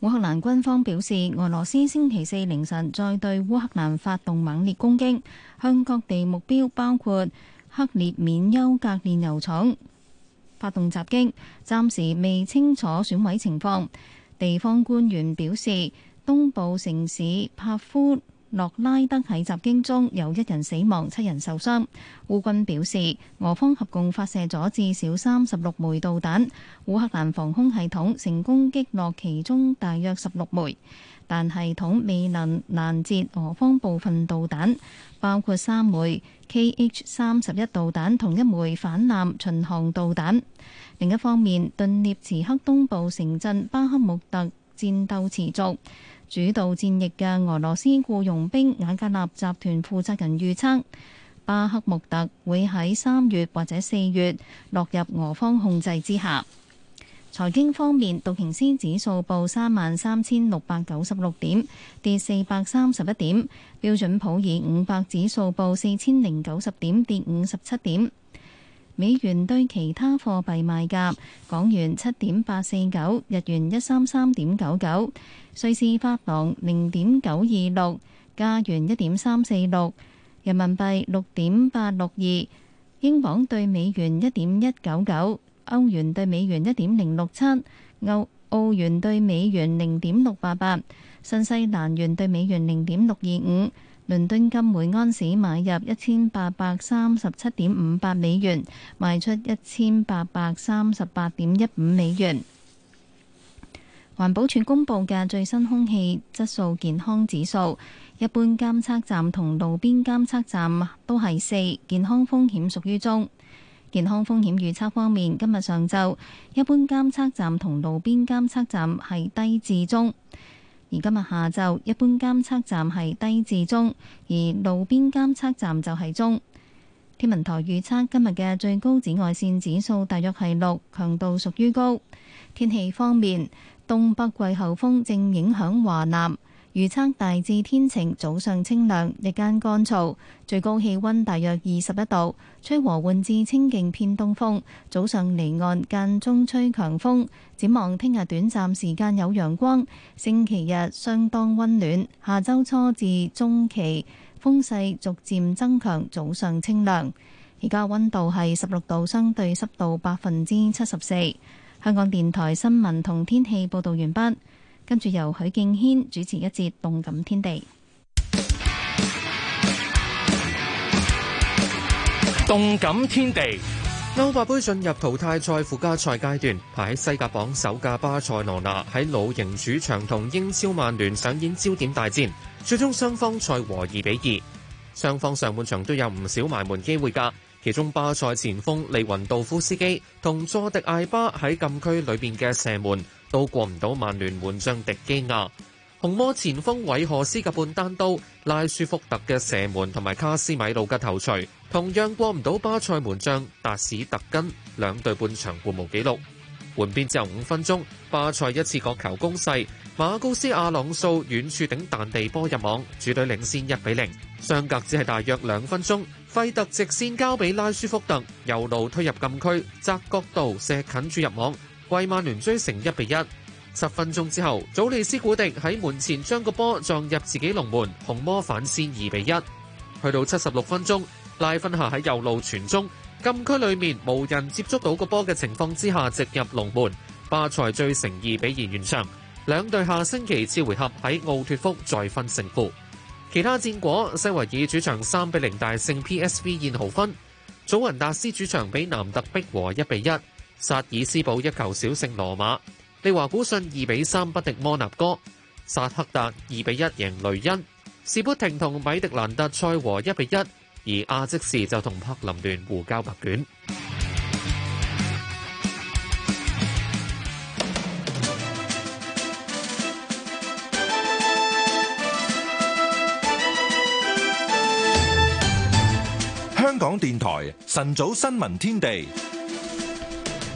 烏克蘭軍方表示，俄羅斯星期四凌晨再對烏克蘭發動猛烈攻擊，向各地目標包括克列緬丘格煉油廠發動襲擊，暫時未清楚損毀情況。地方官員表示，東部城市帕夫洛拉德喺襲擊中有一人死亡，七人受傷。烏軍表示，俄方合共發射咗至少三十六枚導彈，烏克蘭防空系統成功擊落其中大約十六枚，但系統未能攔截俄方部分導彈，包括三枚。KH-31 導彈同一枚反艦巡航導彈。另一方面，頓涅茨克東部城鎮巴克穆特戰鬥持續，主導戰役嘅俄羅斯僱傭兵瓦格納集團負責人預測，巴克穆特會喺三月或者四月落入俄方控制之下。財經方面，道瓊斯指數報三萬三千六百九十六點，跌四百三十一點；標準普爾五百指數報四千零九十點，跌五十七點。美元對其他貨幣賣價：港元七點八四九，日元一三三點九九，瑞士法郎零點九二六，加元一點三四六，人民幣六點八六二，英鎊對美元一點一九九。歐元對美元一點零六七，澳澳元對美元零點六八八，新西蘭元對美元零點六二五。倫敦金每安士買入一千八百三十七點五八美元，賣出一千八百三十八點一五美元。環保署公布嘅最新空氣質素健康指數，一般監測站同路邊監測站都係四，健康風險屬於中。健康風險預測方面，今日上晝一般監測站同路邊監測站係低至中，而今日下晝一般監測站係低至中，而路邊監測站就係中。天文台預測今日嘅最高紫外線指數大約係六，強度屬於高。天氣方面，東北季候風正影響華南。預測大致天晴，早上清涼，日間乾燥，最高氣溫大約二十一度，吹和緩至清勁偏東風。早上離岸間中吹強風。展望聽日短暫時間有陽光，星期日相當溫暖。下周初至中期風勢逐漸增強，早上清涼。而家溫度係十六度，相對濕度百分之七十四。香港電台新聞同天氣報道完畢。跟住由許敬軒主持一節《動感天地》。《動感天地》歐霸盃進入淘汰賽附加賽階段，排喺西甲榜首架巴塞羅那喺老營主場同英超曼聯上演焦點大戰，最終雙方賽和二比二。雙方上半場都有唔少埋門機會噶，其中巴塞前鋒利雲道夫斯基同佐迪艾巴喺禁區裏邊嘅射門。都過唔到曼聯門將迪基亞，紅魔前鋒韋何斯嘅半單刀、拉舒福特嘅射門同埋卡斯米魯嘅頭槌，同樣過唔到巴塞門將達史特根。兩隊半場互無紀錄，換邊之後五分鐘，巴塞一次角球攻勢，馬高斯阿朗素遠處頂彈地波入網，主隊領先一比零。相隔只係大約兩分鐘，費特直線交俾拉舒福特，右路推入禁區，窄角度射近住入網。為曼聯追成一比一，十分鐘之後，祖利斯古迪喺門前將個波撞入自己龍門，紅魔反先二比一。去到七十六分鐘，拉芬夏喺右路傳中，禁區裏面無人接觸到個波嘅情況之下，直入龍門，巴塞追成二比二完場。兩隊下星期次回合喺奧脫福再分勝負。其他戰果：西維爾主場三比零大勝 P S V 燕豪芬；祖雲達斯主場比南特逼和一比一。薩爾斯堡一球小勝羅馬，利華古遜二比三不敵摩納哥，薩克達二比一贏雷恩，士砵亭同米迪蘭達賽和一比一，而亞積士就同柏林聯互交白卷。香港電台晨早新聞天地。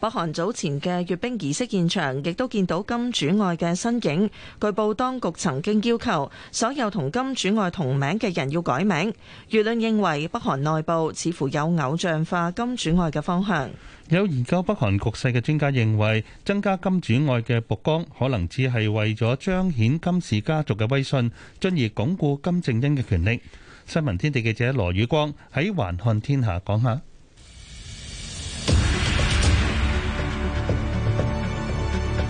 北韓早前嘅閱兵儀式現場，亦都見到金主愛嘅身影。據報當局曾經要求所有同金主愛同名嘅人要改名。輿論認為北韓內部似乎有偶像化金主愛嘅方向。有研究北韓局勢嘅專家認為，增加金主愛嘅曝光可能只係為咗彰顯金氏家族嘅威信，進而鞏固金正恩嘅權力。新聞天地記者羅宇光喺環看天下講下。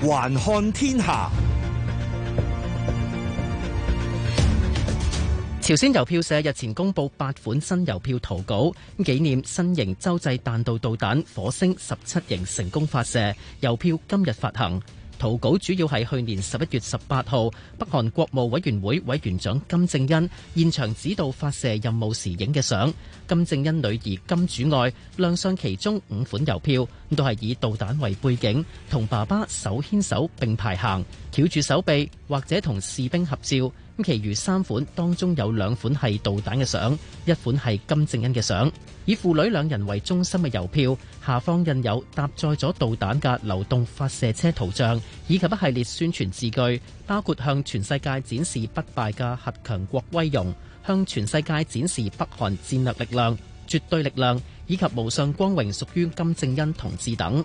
還看天下，朝鮮郵票社日前公布八款新郵票圖稿，紀念新型洲際彈道導彈“火星十七型”成功發射。郵票今日發行。圖稿主要係去年十一月十八號北韓國務委員會委員長金正恩現場指導發射任務時影嘅相，金正恩女兒金主愛亮相其中五款郵票，都係以導彈為背景，同爸爸手牽手並排行，翹住手臂或者同士兵合照。其餘三款當中有兩款係導彈嘅相，一款係金正恩嘅相。以父女兩人為中心嘅郵票下方印有搭載咗導彈嘅流動發射車圖像，以及一系列宣傳字句，包括向全世界展示不敗嘅核強國威容，向全世界展示北韓戰略力量絕對力量，以及無上光榮屬於金正恩同志等。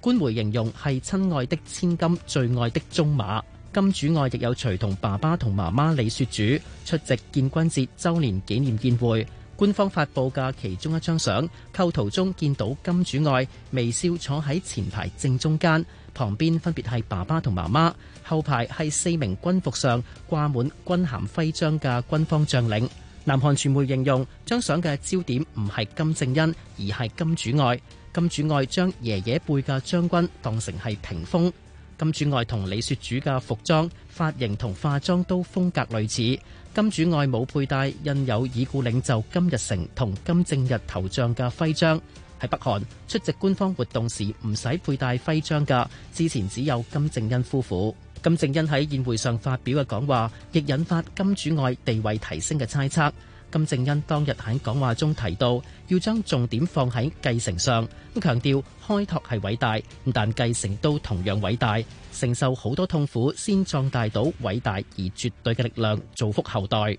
官媒形容係親愛的千金最愛的中馬。金主愛亦有隨同爸爸同媽媽李雪主出席建軍節周年紀念宴會官方發佈嘅其中一張相，構圖中見到金主愛微笑坐喺前排正中間，旁邊分別係爸爸同媽媽，後排係四名軍服上掛滿軍銜徽章嘅軍方將領。南韓傳媒形容張相嘅焦點唔係金正恩，而係金主愛。金主愛將爺爺輩嘅將軍當成係屏風。金主愛同李雪主嘅服裝、髮型同化妝都風格類似。金主愛冇佩戴印有已故領袖金日成同金正日頭像嘅徽章。喺北韓出席官方活動時唔使佩戴徽章㗎，之前只有金正恩夫婦。金正恩喺宴會上發表嘅講話，亦引發金主愛地位提升嘅猜測。金正恩當日喺講話中提到，要將重點放喺繼承上，咁強調開拓係偉大，但繼承都同樣偉大，承受好多痛苦先壯大到偉大而絕對嘅力量，造福後代。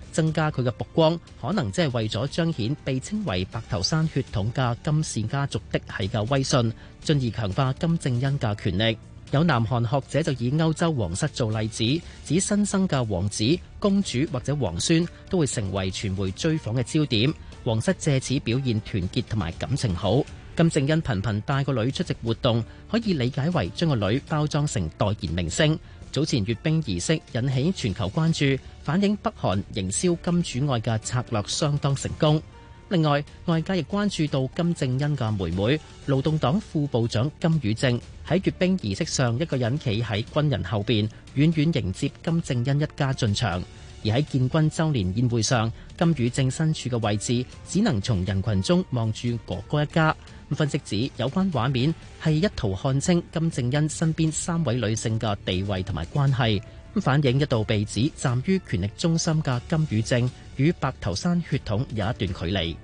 增加佢嘅曝光，可能即係為咗彰顯被稱為白頭山血統嘅金氏家族嫡系嘅威信，進而強化金正恩嘅權力。有南韓學者就以歐洲皇室做例子，指新生嘅王子、公主或者皇孫都會成為傳媒追訪嘅焦點，皇室借此表現團結同埋感情好。金正恩頻頻頻帶個女出席活動，可以理解為將個女包裝成代言明星。早前閱兵儀式引起全球關注，反映北韓營銷金主外嘅策略相當成功。另外，外界亦關注到金正恩嘅妹妹、勞動黨副部長金與正喺閱兵儀式上一個人企喺軍人後邊，遠遠迎接金正恩一家進場。而喺建軍周年宴會上，金與正身處嘅位置，只能從人群中望住哥哥一家。分析指，有關畫面係一圖看清金正恩身邊三位女性嘅地位同埋關係，反映一度被指站於權力中心嘅金與正，與白頭山血統有一段距離。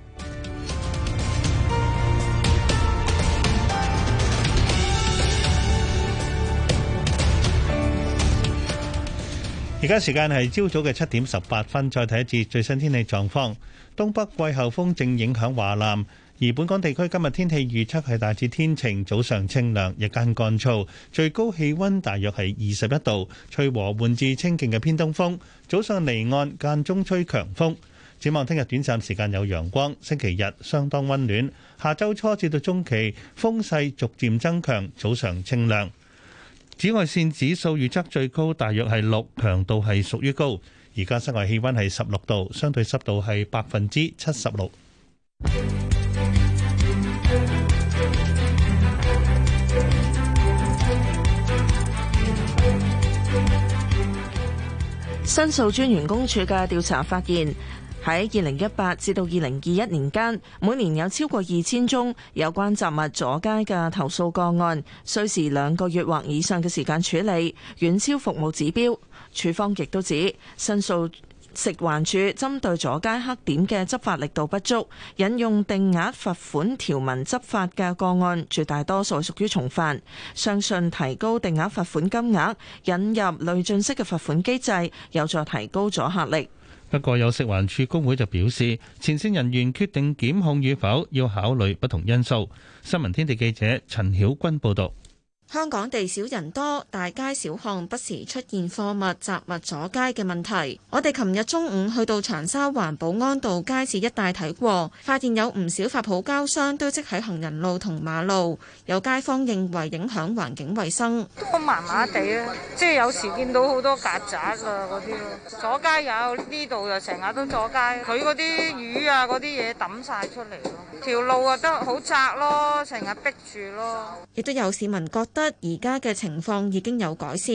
而家時間係朝早嘅七點十八分，再睇一節最新天氣狀況。東北季候風正影響華南，而本港地區今日天氣預測係大致天晴，早上清涼，日間乾燥，最高氣溫大約係二十一度。吹和緩至清勁嘅偏東風，早上離岸間中吹強風。展望聽日短暫時間有陽光，星期日相當溫暖，下周初至到中期風勢逐漸增強，早上清涼。紫外線指數預測最高大約係六，強度係屬於高。而家室外氣温係十六度，相對濕度係百分之七十六。申訴專員公署嘅調查發現，喺二零一八至到二零二一年間，每年有超過二千宗有關雜物阻街嘅投訴個案，需時兩個月或以上嘅時間處理，遠超服務指標。署方亦都指，申訴食環署針對阻街黑點嘅執法力度不足，引用定額罰款條文執法嘅個案絕大多數屬於從犯，相信提高定額罰款金額，引入累進式嘅罰款機制，有助提高阻嚇力。不過，有食環署工會就表示，前線人員決定檢控與否，要考慮不同因素。新聞天地記者陳曉君報道。香港地少人多，大街小巷不時出現貨物雜物阻街嘅問題。我哋琴日中午去到長沙灣保安道街市一帶睇過，發現有唔少發泡膠箱堆積喺行人路同馬路，有街坊認為影響環境衞生，都麻麻地啊！即係有時見到好多曱甴啊嗰啲咯，阻街有呢度就成日都阻街，佢嗰啲魚啊嗰啲嘢抌晒出嚟咯，條路啊都好窄咯，成日逼住咯。亦都有市民覺得。而家嘅情況已經有改善。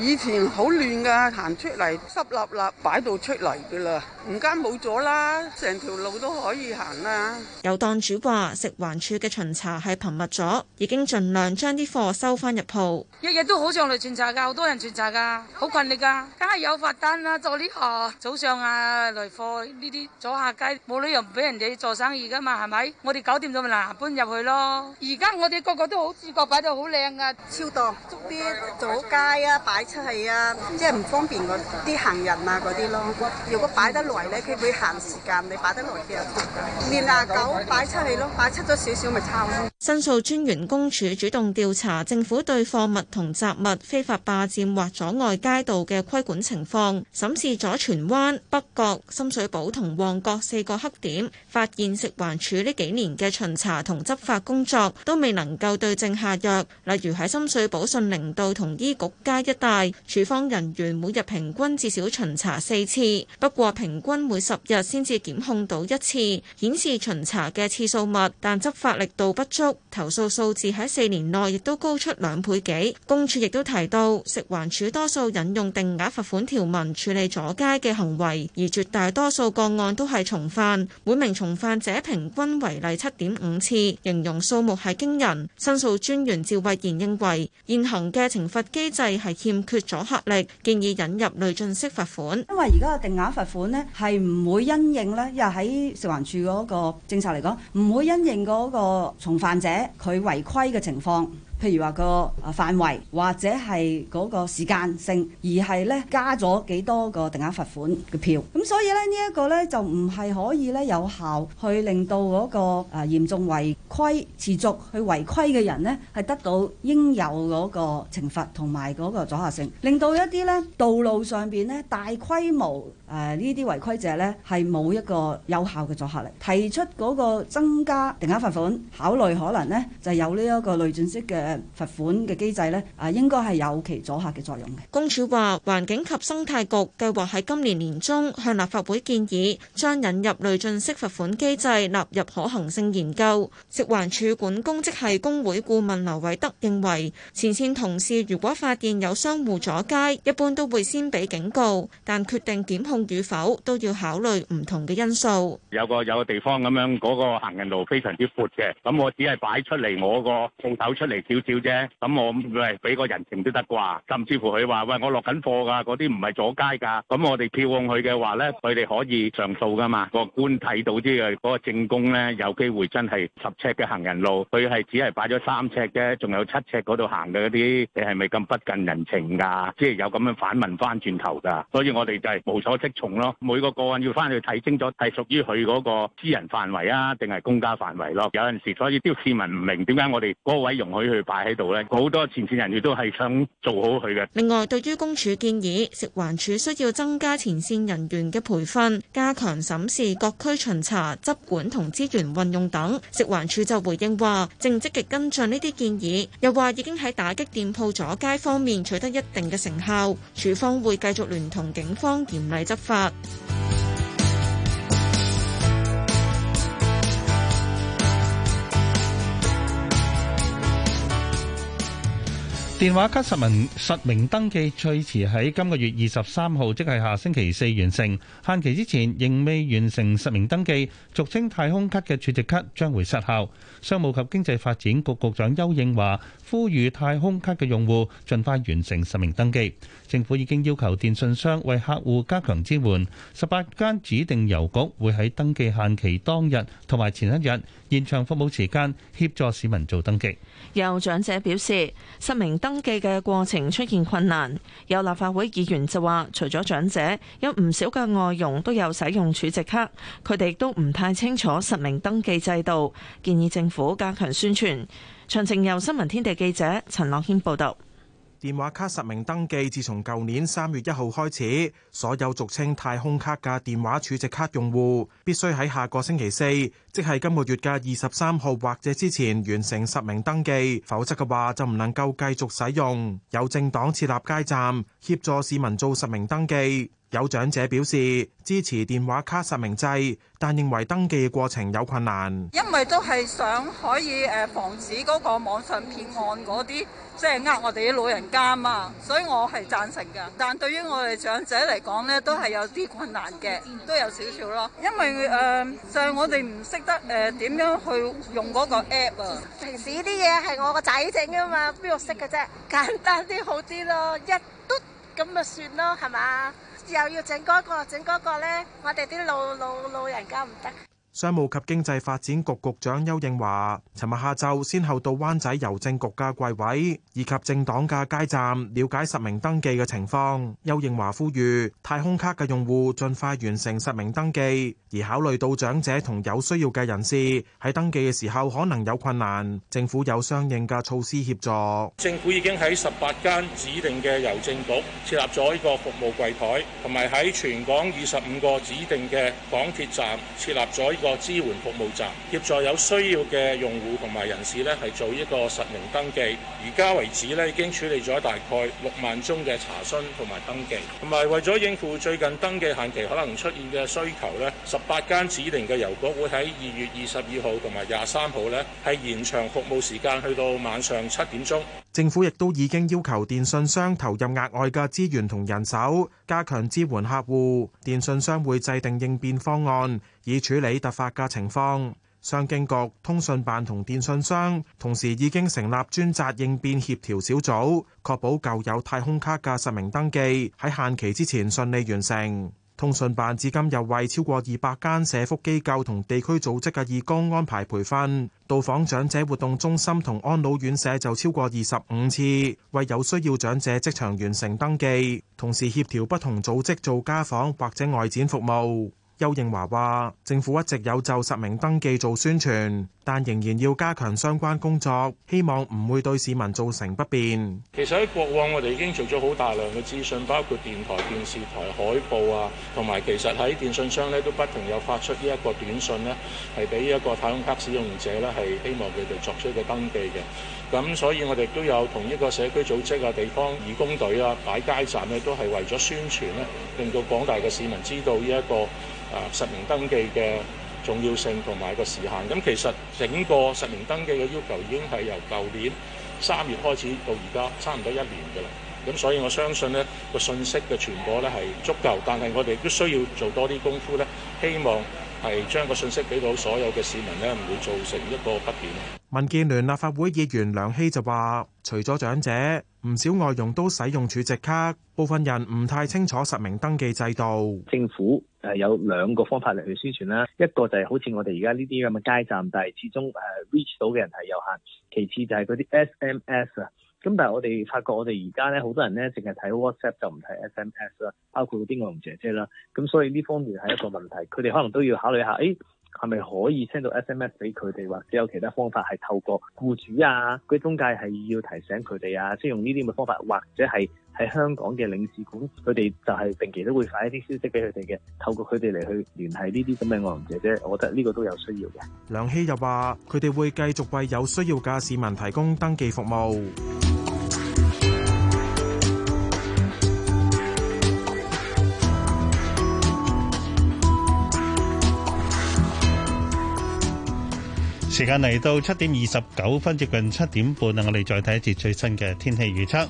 以前好亂噶，行出嚟濕立立，擺到出嚟噶啦，而家冇咗啦，成條路都可以行啦。有檔主話食環署嘅巡查係頻密咗，已經盡量將啲貨收翻入鋪。日日都好上嚟巡查噶，好多人巡查噶，好勤力噶，梗係有罰單啦。做呢行早上啊來貨呢啲左下街，冇理由唔俾人哋做生意噶嘛，係咪？我哋搞掂咗咪嗱搬入去咯。而家我哋個個都好自覺，擺到好靚噶超多捉啲早街啊，擺出去啊，即係唔方便嗰啲行人啊嗰啲咯。如果擺得耐咧，佢會限時間。你擺得耐啲啊，廿九擺出去咯，擺出咗少少咪差咯。申訴專員公署主動調查政府對貨物同雜物非法霸佔或阻礙街道嘅規管情況，審視咗荃灣、北角、深水埗同旺角四個黑點，發現食環署呢幾年嘅巡查同執法工作都未能夠對症下藥，例如。喺深水埗信寧道同醫局街一帶，處方人員每日平均至少巡查四次，不過平均每十日先至檢控到一次，顯示巡查嘅次數密，但執法力度不足。投訴數字喺四年內亦都高出兩倍幾。公署亦都提到，食環署多數引用定額罰款條文處理阻街嘅行為，而絕大多數個案都係重犯，每名重犯者平均違例七點五次，形容數目係驚人。申訴專員趙慧賢。認為現行嘅懲罰機制係欠缺阻嚇力，建議引入累進式罰款，因罰款因。因為而家嘅定額罰款呢，係唔會因應呢，又喺食環署嗰個政策嚟講，唔會因應嗰個重犯者佢違規嘅情況。譬如話個啊範圍或者係嗰個時間性，而係呢加咗幾多個定額罰款嘅票，咁所以咧呢一個呢就唔係可以呢有效去令到嗰個啊嚴重違規持續去違規嘅人呢，係得到應有嗰個懲罰同埋嗰個阻嚇性，令到一啲呢道路上邊呢大規模。誒呢啲違規者呢，係冇一個有效嘅阻嚇力，提出嗰個增加定額罰款考慮，可能呢就有呢一個累進式嘅罰款嘅機制呢，啊應該係有其阻嚇嘅作用嘅。公署話，環境及生態局計劃喺今年年中向立法會建議，將引入累進式罰款機制納入可行性研究。食環署管工職系工會顧問劉偉德認為，前線同事如果發現有商戶阻街，一般都會先俾警告，但決定檢控與否都要考慮唔同嘅因素。有個有個地方咁樣，嗰、嗰個行人路非常之闊嘅。咁我只係擺出嚟我個舖頭出嚟少少啫。咁我唔係俾個人情都得啩？甚至乎佢話喂，我落緊貨噶，嗰啲唔係阻街噶。咁我哋票控佢嘅話咧，佢哋可以上訴噶嘛？官嗰個官睇到啲啊，嗰個證供咧，有機會真係十尺嘅行人路，佢係只係擺咗三尺啫，仲有七尺嗰度行嘅嗰啲，你係咪咁不近人情噶？即係有咁樣反問翻轉頭噶。所以我哋就係冇所。即重咯，每個個案要翻去睇清楚，係屬於佢嗰個私人範圍啊，定係公家範圍咯。有陣時，所以啲市民唔明點解我哋嗰位容許佢擺喺度咧，好多前綫人員都係想做好佢嘅。另外，對於公署建議食環署需要增加前綫人員嘅培訓，加強審視各區巡查、執管同資源運用等，食環署就回應話正積極跟進呢啲建議，又話已經喺打擊店鋪阻街方面取得一定嘅成效，署方會繼續聯同警方嚴厲執。發電話卡實名實名登記最遲喺今個月二十三號，即係下星期四完成。限期之前仍未完成實名登記，俗稱太空卡嘅儲值卡將會失效。商務及經濟發展局局長丘應樺。呼籲太空卡嘅用戶盡快完成實名登記。政府已經要求電信商為客戶加強支援。十八間指定郵局會喺登記限期當日同埋前一日延長服務時間，協助市民做登記。有長者表示，實名登記嘅過程出現困難。有立法會議員就話，除咗長者，有唔少嘅外傭都有使用儲值卡，佢哋亦都唔太清楚實名登記制度，建議政府加強宣傳。詳情由新聞天地記者陳樂謙報道。電話卡實名登記，自從舊年三月一號開始，所有俗稱太空卡嘅電話儲值卡用戶必須喺下個星期四，即係今個月嘅二十三號或者之前完成實名登記，否則嘅話就唔能夠繼續使用。有政黨設立街站協助市民做實名登記。有長者表示支持電話卡實名制，但認為登記過程有困難，因為都係想可以誒防止嗰個網上騙案嗰啲，即係呃我哋啲老人家嘛，所以我係贊成㗎。但對於我哋長者嚟講咧，都係有啲困難嘅，都有少少咯。因為誒就係我哋唔識得誒點樣去用嗰個 app 啊。平時啲嘢係我個仔整啊嘛，邊個識嘅啫？簡單啲好啲咯，一嘟咁咪算咯，係咪？又要整嗰個，整嗰個咧，我哋啲老老老人家唔得。商務及經濟發展局局長邱應華尋日下晝先後到灣仔郵政局嘅櫃位以及政黨嘅街站，了解實名登記嘅情況。邱應華呼籲太空卡嘅用戶盡快完成實名登記，而考慮到長者同有需要嘅人士喺登記嘅時候可能有困難，政府有相應嘅措施協助。政府已經喺十八間指定嘅郵政局設立咗呢個服務櫃台，同埋喺全港二十五個指定嘅港鐵站設立咗個支援服務站協助有需要嘅用戶同埋人士呢，係做一個實名登記。而家為止呢，已經處理咗大概六萬宗嘅查詢同埋登記。同埋為咗應付最近登記限期可能出現嘅需求呢，十八間指定嘅郵局會喺二月二十二號同埋廿三號呢，係延長服務時間去到晚上七點鐘。政府亦都已經要求電訊商投入額外嘅資源同人手，加強支援客戶。電訊商會制定應變方案，以處理突發嘅情況。商經局、通訊辦同電訊商同時已經成立專責應變協調小組，確保舊有太空卡嘅實名登記喺限期之前順利完成。通訊辦至今又為超過二百間社福機構同地區組織嘅義工安排培訓，到訪長者活動中心同安老院舍就超過二十五次，為有需要長者即場完成登記，同時協調不同組織做家訪或者外展服務。邱應華話：政府一直有就實名登記做宣傳，但仍然要加強相關工作，希望唔會對市民造成不便。其實喺過往，我哋已經做咗好大量嘅資訊，包括電台、電視台、海報啊，同埋其實喺電信商咧，都不停有發出呢一個短信咧，係俾一個太空卡使用者咧，係希望佢哋作出一個登記嘅。咁所以，我哋都有同一個社區組織啊、地方義工隊啊、擺街站咧，都係為咗宣傳咧，令到廣大嘅市民知道呢一個。啊！實名登記嘅重要性同埋個時限咁、啊，其實整個實名登記嘅要求已經係由舊年三月開始到而家差唔多一年嘅啦。咁、啊、所以我相信呢個信息嘅傳播呢係足夠，但係我哋都需要做多啲功夫呢，希望係將個信息俾到所有嘅市民呢，唔會造成一個不便。民建聯立法會議員梁希就話，除咗長者，唔少外傭都使用儲值卡，部分人唔太清楚實名登記制度。政府。誒、呃、有兩個方法嚟去宣傳啦，一個就係好似我哋而家呢啲咁嘅街站，但係始終誒、呃、reach 到嘅人係有限。其次就係嗰啲 SMS 啊，咁但係我哋發覺我哋而家咧好多人咧淨係睇 WhatsApp 就唔睇 SMS 啦、啊，包括啲外傭姐姐啦，咁、啊、所以呢方面係一個問題。佢哋可能都要考慮下，誒係咪可以 send 到 SMS 俾佢哋，或者有其他方法係透過僱主啊、嗰啲中介係要提醒佢哋啊，先、即係、用呢啲咁嘅方法，或者係。喺香港嘅領事館，佢哋就係定期都會發一啲消息俾佢哋嘅，透過佢哋嚟去聯繫呢啲咁嘅外傭姐姐，我覺得呢個都有需要嘅。梁希又話：佢哋會繼續為有需要嘅市民提供登記服務。時間嚟到七點二十九分，接近七點半啊！我哋再睇一節最新嘅天氣預測。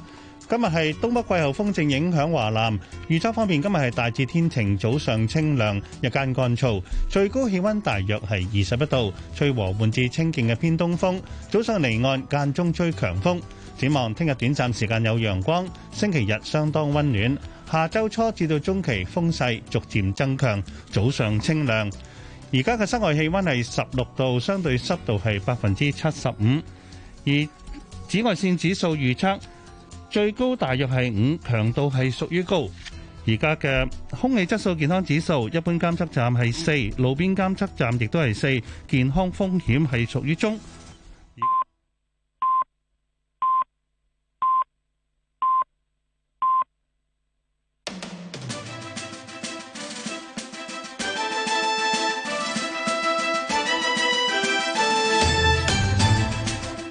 今日係東北季候風正影響華南。預測方面，今日係大致天晴，早上清涼，日間乾燥，最高氣温大約係二十一度，吹和緩至清勁嘅偏東風。早上離岸間中吹強風，展望聽日短暫時間有陽光，星期日相當温暖。下週初至到中期風勢逐漸增強，早上清涼。而家嘅室外氣温係十六度，相對濕度係百分之七十五，而紫外線指數預測，最高大約係五，強度係屬於高。而家嘅空氣質素健康指數，一般監測站係四，路邊監測站亦都係四，健康風險係屬於中。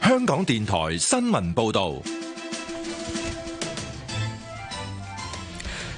香港電台新聞報道。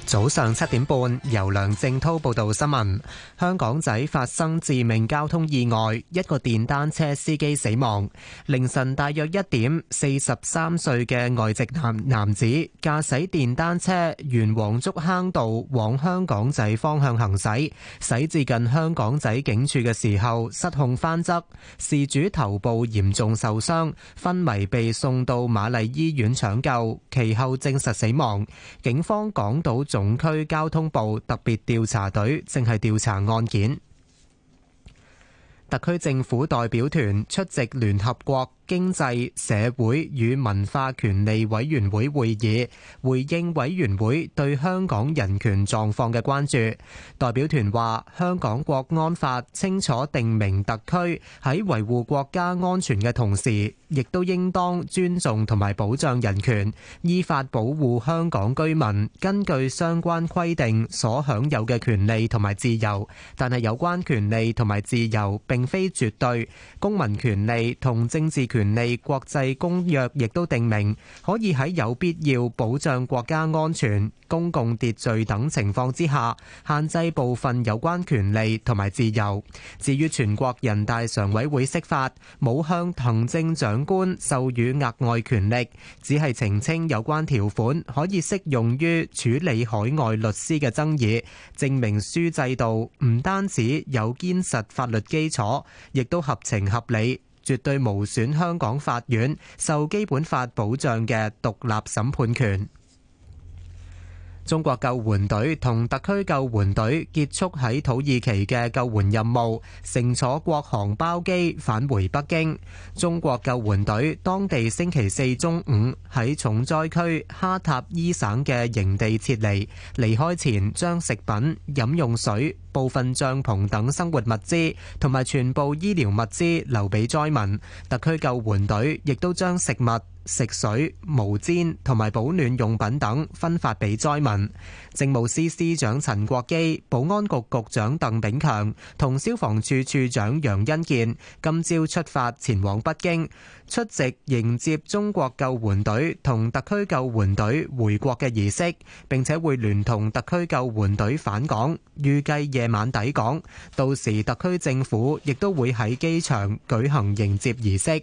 早上七點半，由梁正濤報道新聞。香港仔發生致命交通意外，一個電單車司機死亡。凌晨大約一點，四十三歲嘅外籍男男子駕駛電單車沿黃竹坑道往香港仔方向行駛，駛至近香港仔警署嘅時候失控翻側，事主頭部嚴重受傷，昏迷被送到瑪麗醫院搶救，其後證實死亡。警方港島。總區交通部特別調查隊正係調查案件。特區政府代表團出席聯合國。經濟、社會與文化權利委員會會議，回應委員會對香港人權狀況嘅關注。代表團話，香港國安法清楚定明特區喺維護國家安全嘅同時，亦都應當尊重同埋保障人權，依法保護香港居民根據相關規定所享有嘅權利同埋自由。但係有關權利同埋自由並非絕對，公民權利同政治權。權利國際公約亦都定明，可以喺有必要保障國家安全、公共秩序等情況之下，限制部分有關權利同埋自由。至於全國人大常委會釋法，冇向行政長官授予額外權力，只係澄清有關條款可以適用於處理海外律師嘅爭議。證明書制度唔單止有堅實法律基礎，亦都合情合理。絕對無損香港法院受基本法保障嘅獨立審判權。中國救援隊同特區救援隊結束喺土耳其嘅救援任務，乘坐國航包機返回北京。中國救援隊當地星期四中午喺重災區哈塔伊省嘅營地撤離，離開前將食品、飲用水。部分帳篷等生活物資，同埋全部醫療物資留俾災民。特區救援隊亦都將食物、食水、毛氈同埋保暖用品等分發俾災民。政務司司長陳國基、保安局局長鄧炳強同消防處處長楊恩健今朝出發前往北京，出席迎接中國救援隊同特區救援隊回國嘅儀式，並且會聯同特區救援隊返港，預計夜晚抵港。到時特區政府亦都會喺機場舉行迎接儀式。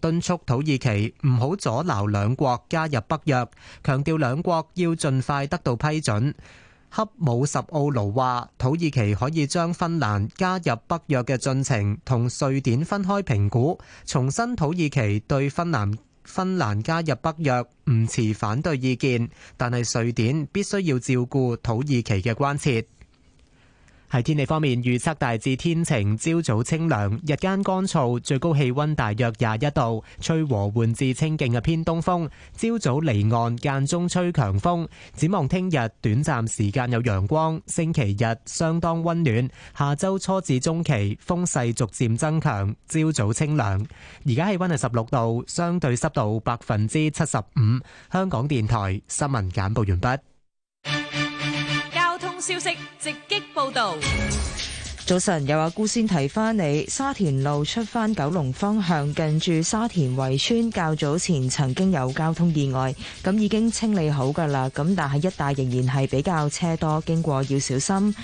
敦促土耳其唔好阻撓兩國加入北約，強調兩國要盡快得到批准。克姆什奧盧話：土耳其可以將芬蘭加入北約嘅進程同瑞典分開評估，重申土耳其對芬蘭芬蘭加入北約唔持反對意見，但係瑞典必須要照顧土耳其嘅關切。喺天氣方面，預測大致天晴，朝早清涼，日間乾燥，最高氣溫大約廿一度，吹和緩至清勁嘅偏東風。朝早離岸間中吹強風，展望聽日短暫時間有陽光，星期日相當溫暖，下周初至中期風勢逐漸增強，朝早清涼。而家氣溫係十六度，相對濕度百分之七十五。香港電台新聞簡報完畢。消息直擊報道。早晨，有阿姑先提翻你，沙田路出返九龍方向，近住沙田圍村，較早前曾經有交通意外，咁已經清理好噶啦，咁但係一帶仍然係比較車多，經過要小心。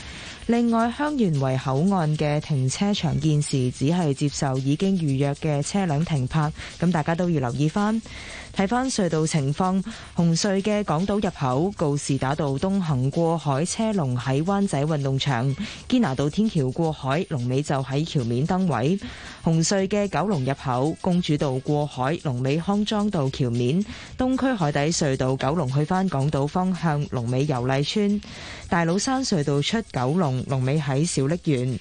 另外，香園圍口岸嘅停車場現時只係接受已經預約嘅車輛停泊，咁大家都要留意翻。睇翻隧道情況，紅隧嘅港島入口告士打道東行過海車龍喺灣仔運動場，堅拿道天橋過海龍尾就喺橋面燈位。紅隧嘅九龍入口公主道過海龍尾，康莊道橋面，東區海底隧道九龍去返港島方向龍尾，油麗村，大老山隧道出九龍。龍尾喺小瀝灣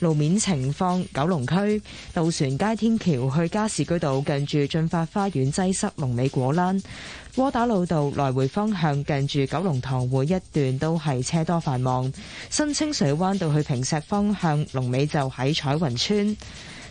路面情況，九龍區渡船街天橋去加士居道近住駿發花園擠塞龍，龍尾果欄；窩打老道來回方向近住九龍塘會一段都係車多繁忙。新清水灣道去平石方向，龍尾就喺彩雲村。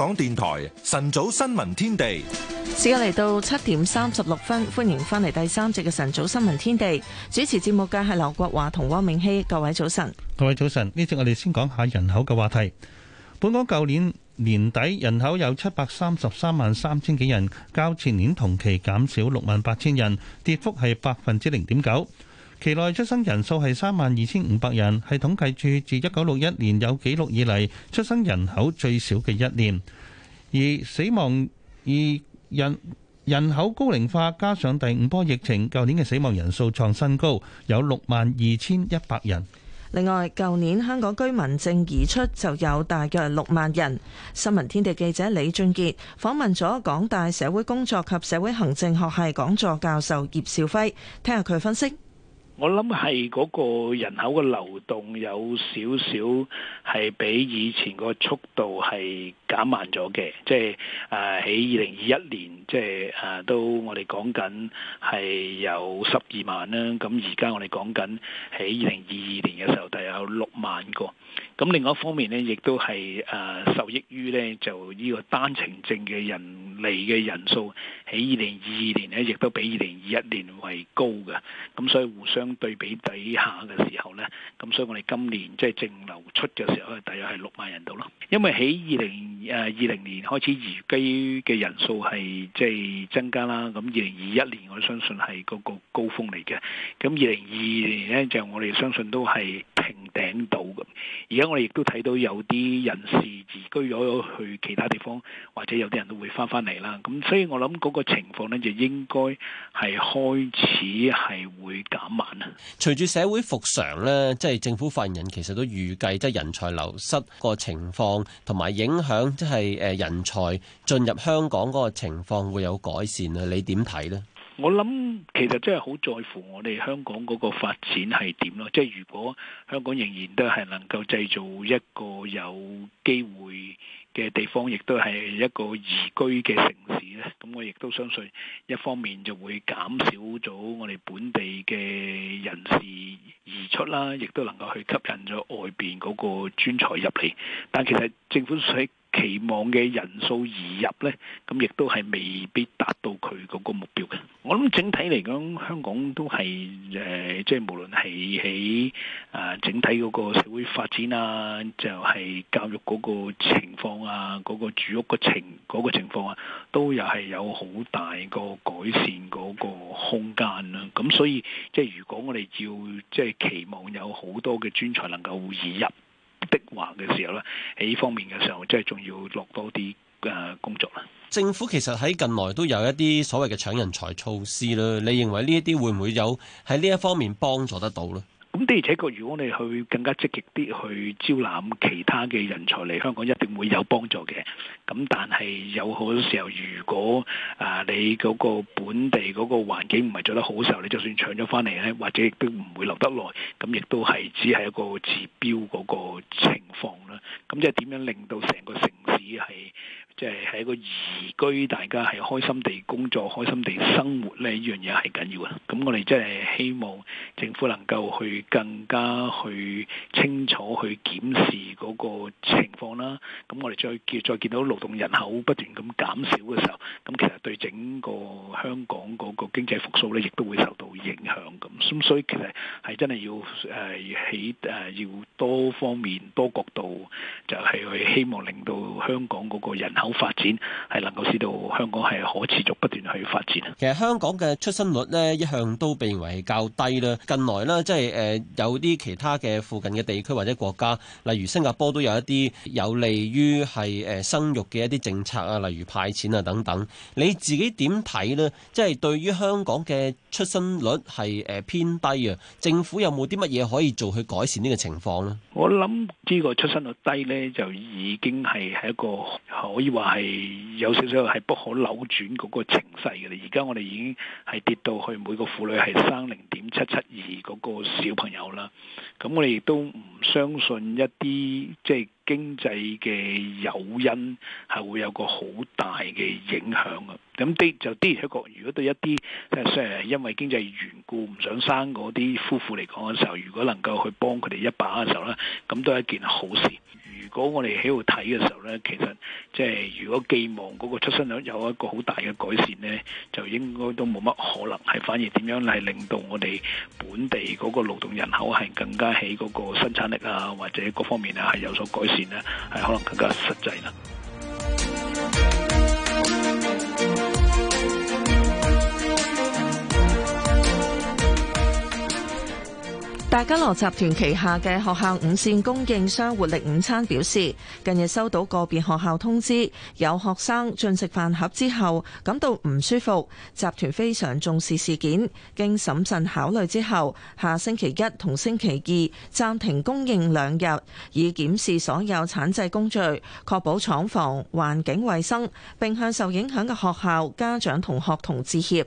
香港電台晨早新聞天地，時間嚟到七點三十六分，歡迎翻嚟第三節嘅晨早新聞天地。主持節目嘅係劉國華同汪明熙，各位早晨，各位早晨。呢節我哋先講下人口嘅話題。本港舊年年底人口有七百三十三萬三千幾人，較前年同期減少六萬八千人，跌幅係百分之零點九。期內出生人數，係三萬二千五百人，係統計處自一九六一年有記錄以嚟出生人口最少嘅一年。而死亡而人人口高齡化，加上第五波疫情，舊年嘅死亡人數創新高，有六萬二千一百人。另外，舊年香港居民證移出就有大約六萬人。新聞天地記者李俊杰訪問咗港大社會工作及社會行政學系講座教授葉兆輝，聽下佢分析。我諗係嗰個人口嘅流動有少少係比以前個速度係減慢咗嘅、就是，即係誒喺二零二一年，即係誒都我哋講緊係有十二萬啦。咁而家我哋講緊喺二零二二年嘅時候，大約有六萬個。咁另外一方面呢，亦都係誒、呃、受益於呢就呢個單程證嘅人嚟嘅人數。喺二零二二年呢亦都比二零二一年為高嘅，咁所以互相對比底下嘅時候呢，咁所以我哋今年即係淨流出嘅時候大約係六萬人度咯。因為喺二零誒二零年開始移居嘅人數係即係增加啦，咁二零二一年我相信係嗰個高峰嚟嘅，咁二零二二年呢就我哋相信都係平頂到嘅。而家我哋亦都睇到有啲人士移居咗去其他地方，或者有啲人都會翻返嚟啦。咁所以我諗嗰個。個情況咧就應該係開始係會減慢啦。隨住社會復常咧，即係政府發言人其實都預計，即係人才流失個情況同埋影響，即係誒人才進入香港嗰個情況會有改善啊？你點睇咧？我諗其實真係好在乎我哋香港嗰個發展係點咯。即係如果香港仍然都係能夠製造一個有機會。嘅地方，亦都係一個宜居嘅城市咧，咁我亦都相信，一方面就會減少咗我哋本地嘅人士移出啦，亦都能夠去吸引咗外邊嗰個專才入嚟。但其實政府期望嘅人數移入呢，咁亦都係未必達到佢嗰個目標嘅。我諗整體嚟講，香港都係誒，即、呃、係、就是、無論係喺啊整體嗰個社會發展啊，就係、是、教育嗰個情況啊，嗰、嗰個住屋個情、嗰個情嗰個情況啊，都又係有好大個改善嗰個空間啦、啊。咁所以，即、就、係、是、如果我哋要即係、就是、期望有好多嘅專才能夠移入的話嘅時候啦，喺呢方面嘅時候，即係仲要落多啲誒工作啦。政府其實喺近來都有一啲所謂嘅搶人才措施啦，你認為呢一啲會唔會有喺呢一方面幫助得到咧？咁的而且確，如果你去更加積極啲去招攬其他嘅人才嚟香港，一定會有幫助嘅。咁但係有好多時候，如果啊你嗰個本地嗰個環境唔係做得好嘅時候，你就算搶咗翻嚟咧，或者亦都唔會留得耐。咁亦都係只係一個治標嗰個情況啦。咁即係點樣令到成個城市係？即係喺個宜居，大家係開心地工作、開心地生活呢依樣嘢係緊要啊！咁我哋真係希望政府能夠去更加去清楚去檢視嗰個情況啦。咁我哋再見，再見到勞動人口不斷咁減少嘅時候，咁其實對整個香港嗰個經濟復甦咧，亦都會受到影響，咁。咁所以其實係真係要誒、呃、起誒、呃、要多方面多角度，就係、是、去希望令到香港嗰個人口。發展係能夠使到香港係可持續不斷去發展。其實香港嘅出生率咧一向都被認為較低啦。近來咧即係誒有啲其他嘅附近嘅地區或者國家，例如新加坡都有一啲有利於係誒生育嘅一啲政策啊，例如派錢啊等等。你自己點睇咧？即係對於香港嘅出生率係誒偏低啊，政府有冇啲乜嘢可以做去改善呢個情況咧？我諗呢個出生率低咧就已經係係一個可以話。係有少少係不可扭轉嗰個情勢嘅啦。而家我哋已經係跌到去每個婦女係生零點七七二嗰個小朋友啦。咁我哋亦都唔相信一啲即係經濟嘅誘因係會有個好大嘅影響啊。咁啲就啲一個，如果對一啲即係因為經濟緣故唔想生嗰啲夫婦嚟講嘅時候，如果能夠去幫佢哋一把嘅時候呢，咁都係一件好事。如果我哋喺度睇嘅時候咧，其實即係如果寄望嗰個出生率有一個好大嘅改善咧，就應該都冇乜可能。係反而點樣嚟令到我哋本地嗰個勞動人口係更加喺嗰個生產力啊，或者各方面啊係有所改善咧，係可能更加實際啦。大家樂集團旗下嘅學校午膳供應商活力午餐表示，近日收到個別學校通知，有學生進食飯盒之後感到唔舒服。集團非常重視事件，經審慎考慮之後，下星期一同星期二暫停供應兩日，以檢視所有產製工序，確保廠房環境衛生，並向受影響嘅學校家長同學童致歉。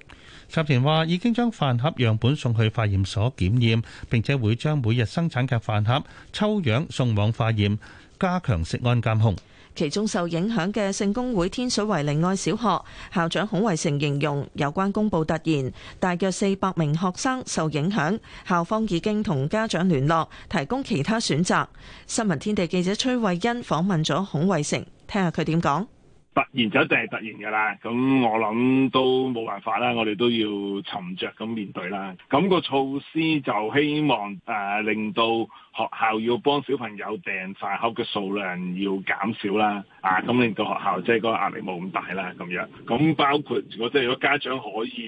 集團話已經將飯盒樣本送去化驗所檢驗，並且，會將每日生產嘅飯盒抽樣送往化驗，加強食安監控。其中受影響嘅聖公會天水圍靈愛小學校長孔維成形容有關公布突然，大約四百名學生受影響，校方已經同家長聯絡，提供其他選擇。新聞天地記者崔慧欣訪問咗孔維成，聽下佢點講。突然就一定係突然㗎啦，咁我諗都冇辦法啦，我哋都要沉着咁面對啦。咁、那個措施就希望誒、呃、令到。學校要幫小朋友訂飯盒嘅數量要減少啦，啊，咁令到學校即係嗰個壓力冇咁大啦，咁樣，咁包括即係如果家長可以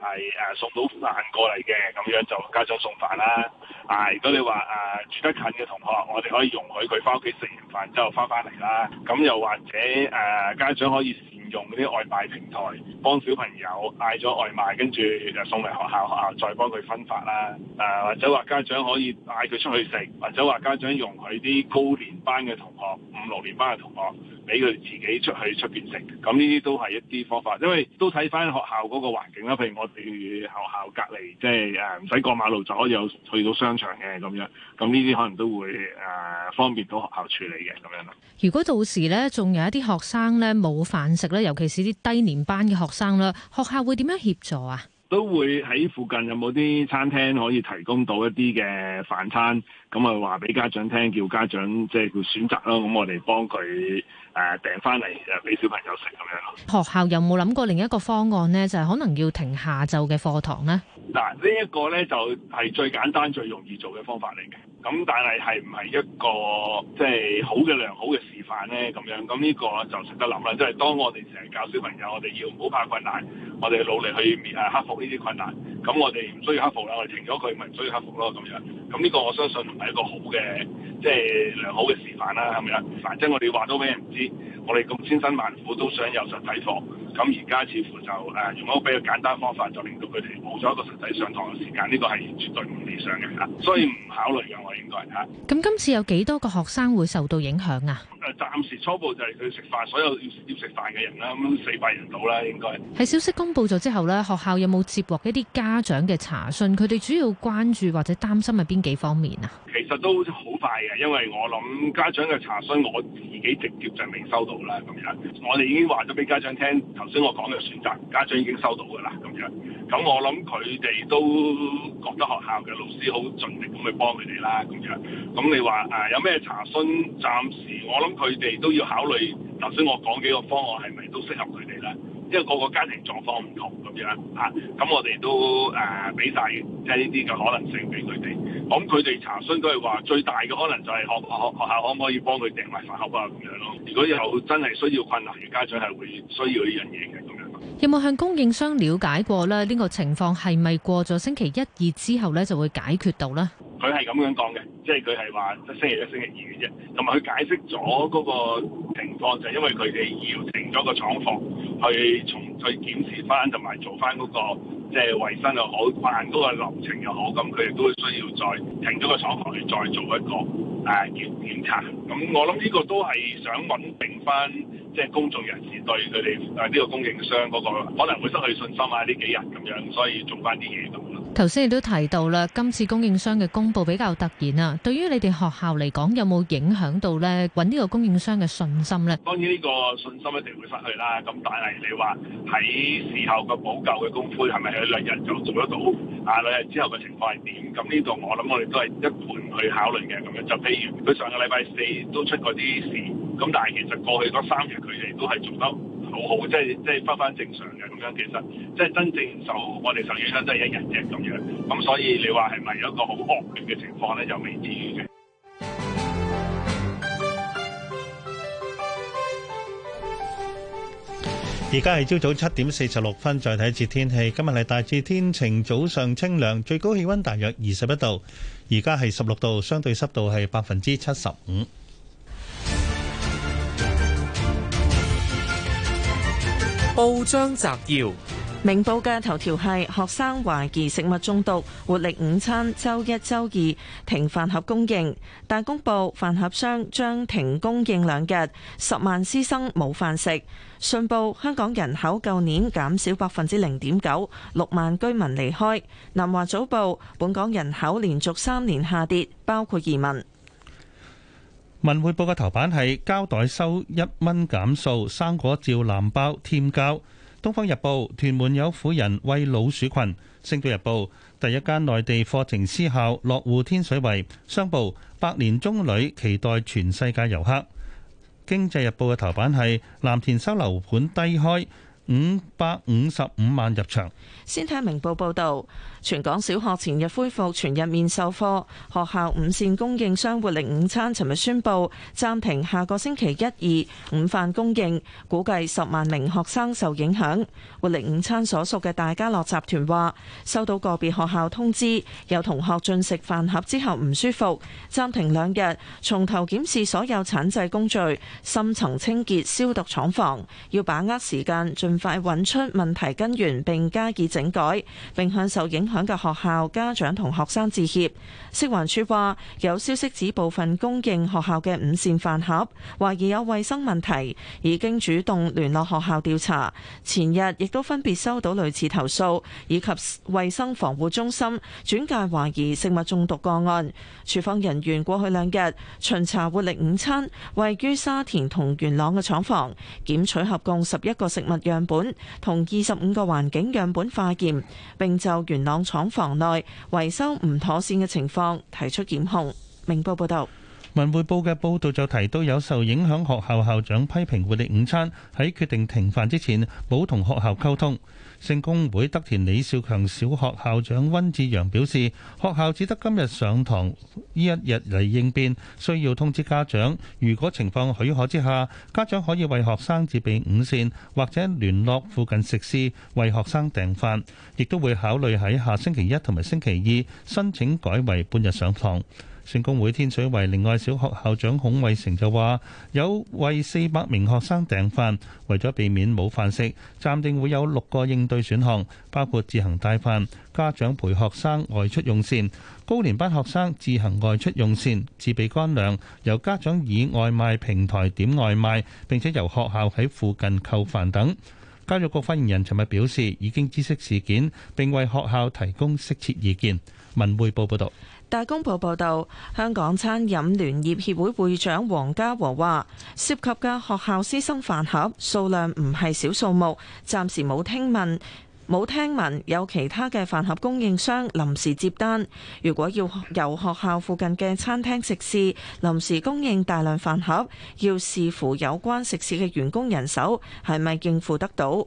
係啊送到飯過嚟嘅，咁樣就家長送飯啦，啊，如果你話啊住得近嘅同學，我哋可以容許佢翻屋企食完飯之後翻翻嚟啦，咁又或者誒、啊、家長可以，用嗰啲外賣平台幫小朋友帶咗外賣，跟住就送嚟學校，學校再幫佢分發啦。誒、啊、或者話家長可以帶佢出去食，或者話家長用佢啲高年班嘅同學、五六年班嘅同學，俾佢自己出去出邊食。咁呢啲都係一啲方法，因為都睇翻學校嗰個環境啦。譬如我哋學校隔離，即係誒唔使過馬路就可以有去到商場嘅咁樣。咁呢啲可能都會誒、啊、方便到學校處理嘅咁樣。如果到時咧，仲有一啲學生咧冇飯食咧。尤其是啲低年班嘅學生啦，學校會點樣協助啊？都會喺附近有冇啲餐廳可以提供到一啲嘅飯餐，咁啊話俾家長聽，叫家長即係叫選擇啦。咁我哋幫佢。誒，訂翻嚟，誒，俾小朋友食咁樣。學校有冇諗過另一個方案咧？就係可能要停下晝嘅課堂咧。嗱，呢一個咧就係最簡單、最容易做嘅方法嚟嘅。咁但係係唔係一個即係好嘅良好嘅示範咧？咁樣咁呢個就值得諗啦。即係當我哋成日教小朋友，我哋要唔好怕困難，我哋努力去誒克服呢啲困難。咁我哋唔需要克服啦，我哋停咗佢，咪唔需要克服咯。咁樣咁呢個我相信唔係一個好嘅即係良好嘅示範啦，係咪啊？反正我哋話都俾人知。我哋咁千辛萬苦都想有實體課，咁而家似乎就誒、啊、用一個比較簡單方法，就令到佢哋冇咗一個實際上堂嘅時間，呢、這個係絕對唔理想嘅嚇，所以唔考慮嘅我應該嚇。咁、嗯、今次有幾多個學生會受到影響啊？誒，暫時初步就係佢食飯，所有要食飯嘅人啦，咁樣四百人到啦應該。喺消息公布咗之後咧，學校有冇接獲一啲家長嘅查詢？佢哋主要關注或者擔心係邊幾方面啊？其實都好快嘅，因為我諗家長嘅查詢，我自己直接就收到啦，咁樣，我哋已經話咗俾家長聽，頭先我講嘅選擇，家長已經收到㗎喇，咁樣，咁我諗佢哋都覺得學校嘅老師好盡力咁去幫佢哋啦，咁樣，咁你話誒、呃、有咩查詢？暫時我諗佢哋都要考慮，頭先我講幾個方案係咪都適合佢哋咧？因為個個家庭狀況唔同咁樣啊，咁我哋都誒俾晒即係呢啲嘅可能性俾佢哋。咁佢哋查詢都係話，最大嘅可能就係學學學校可唔可以幫佢訂埋飯盒啊，咁樣咯。如果有真係需要困難嘅家長，係會需要呢樣嘢嘅咁樣。有冇向供應商了解過咧？呢、這個情況係咪過咗星期一、二之後咧就會解決到咧？佢係咁樣講嘅，即係佢係話一星期一、星期二嘅啫，同埋佢解釋咗嗰個情況就係、是、因為佢哋要停咗個廠房，去重再檢視翻同埋做翻、那、嗰個。即係衞生又好，辦嗰個流程又好，咁佢哋亦都需要再停咗個廠房嚟再做一個誒檢檢查。咁我諗呢個都係想穩定翻，即係公眾人士對佢哋誒呢個供應商嗰個可能會失去信心啊！呢幾日咁樣，所以做翻啲嘢。頭先亦都提到啦，今次供應商嘅公佈比較突然啊，對於你哋學校嚟講有冇影響到咧？揾呢個供應商嘅信心咧？當然呢個信心一定會失去啦。咁例如你話喺事後個補救嘅功夫係咪？兩日就做得到，啊兩日之後嘅情況係點？咁呢度我諗我哋都係一盤去考慮嘅咁樣。就譬如佢上個禮拜四都出過啲事，咁但係其實過去嗰三日佢哋都係做得好好，即係即係返返正常嘅咁樣。其實即係真正就我哋受影響都係一日嘅。咁樣。咁所以你話係咪有一個好惡劣嘅情況咧？就未知嘅。而家係朝早七點四十六分，再睇一次天氣。今日係大致天晴，早上清涼，最高氣溫大約二十一度。而家係十六度，相對濕度係百分之七十五。報章摘要。明報嘅頭條係學生懷疑食物中毒，活力午餐周一、周二停飯盒供應。大公報飯盒商將停供應兩日，十萬師生冇飯食。信報香港人口舊年減少百分之零點九，六萬居民離開。南華早報本港人口連續三年下跌，包括移民。文匯報嘅頭版係膠袋收一蚊減數，生果照藍包添膠。東方日報：屯門有婦人餵老鼠群。星島日報：第一間內地課程私校落戶天水圍。商報：百年中旅期待全世界遊客。經濟日報嘅頭版係藍田收樓盤低開五百五十五萬入場。先睇明報報道。全港小學前日恢復全日面授課，學校午膳供應商活力午餐尋日宣布暫停下個星期一二午飯供應，估計十萬名學生受影響。活力午餐所屬嘅大家樂集團話，收到個別學校通知，有同學進食飯盒之後唔舒服，暫停兩日，從頭檢視所有產製工序、深層清潔消毒廠房，要把握時間儘快搵出問題根源並加以整改，並向受影響，向嘅學校家長同學生致歉。食環署話，有消息指部分供應學校嘅午膳飯盒懷疑有衛生問題，已經主動聯絡學校調查。前日亦都分別收到類似投訴，以及衛生防護中心轉介懷疑食物中毒個案。廚房人員過去兩日巡查活力午餐位於沙田同元朗嘅廠房，檢取合共十一個食物樣本，同二十五個環境樣本化驗，並就元朗。廠房內維修唔妥善嘅情況，提出檢控。明報報道，文匯報嘅報道就提到有受影響學校校長批評，活力午餐喺決定停飯之前冇同學校溝通。政公會德田李少強小學校長溫志陽表示，學校只得今日上堂，依一日嚟應變，需要通知家長。如果情況許可之下，家長可以為學生自備午膳，或者聯絡附近食肆，為學生訂飯。亦都會考慮喺下星期一同埋星期二申請改為半日上堂。選工會天水圍另外小學校長孔衛成就話，有為四百名學生訂飯，為咗避免冇飯食，暫定會有六個應對選項，包括自行帶飯、家長陪學生外出用膳、高年班學生自行外出用膳、自備乾糧、由家長以外賣平台點外賣，並且由學校喺附近購飯等。教育局發言人尋日表示，已經知悉事件，並為學校提供適切意見。文匯報報道。大公報報導，香港餐飲聯業協會會長黃家和話：涉及嘅學校師生飯盒數量唔係小數目，暫時冇聽聞冇聽聞有其他嘅飯盒供應商臨時接單。如果要由學校附近嘅餐廳食肆臨時供應大量飯盒，要視乎有關食肆嘅員工人手係咪應付得到。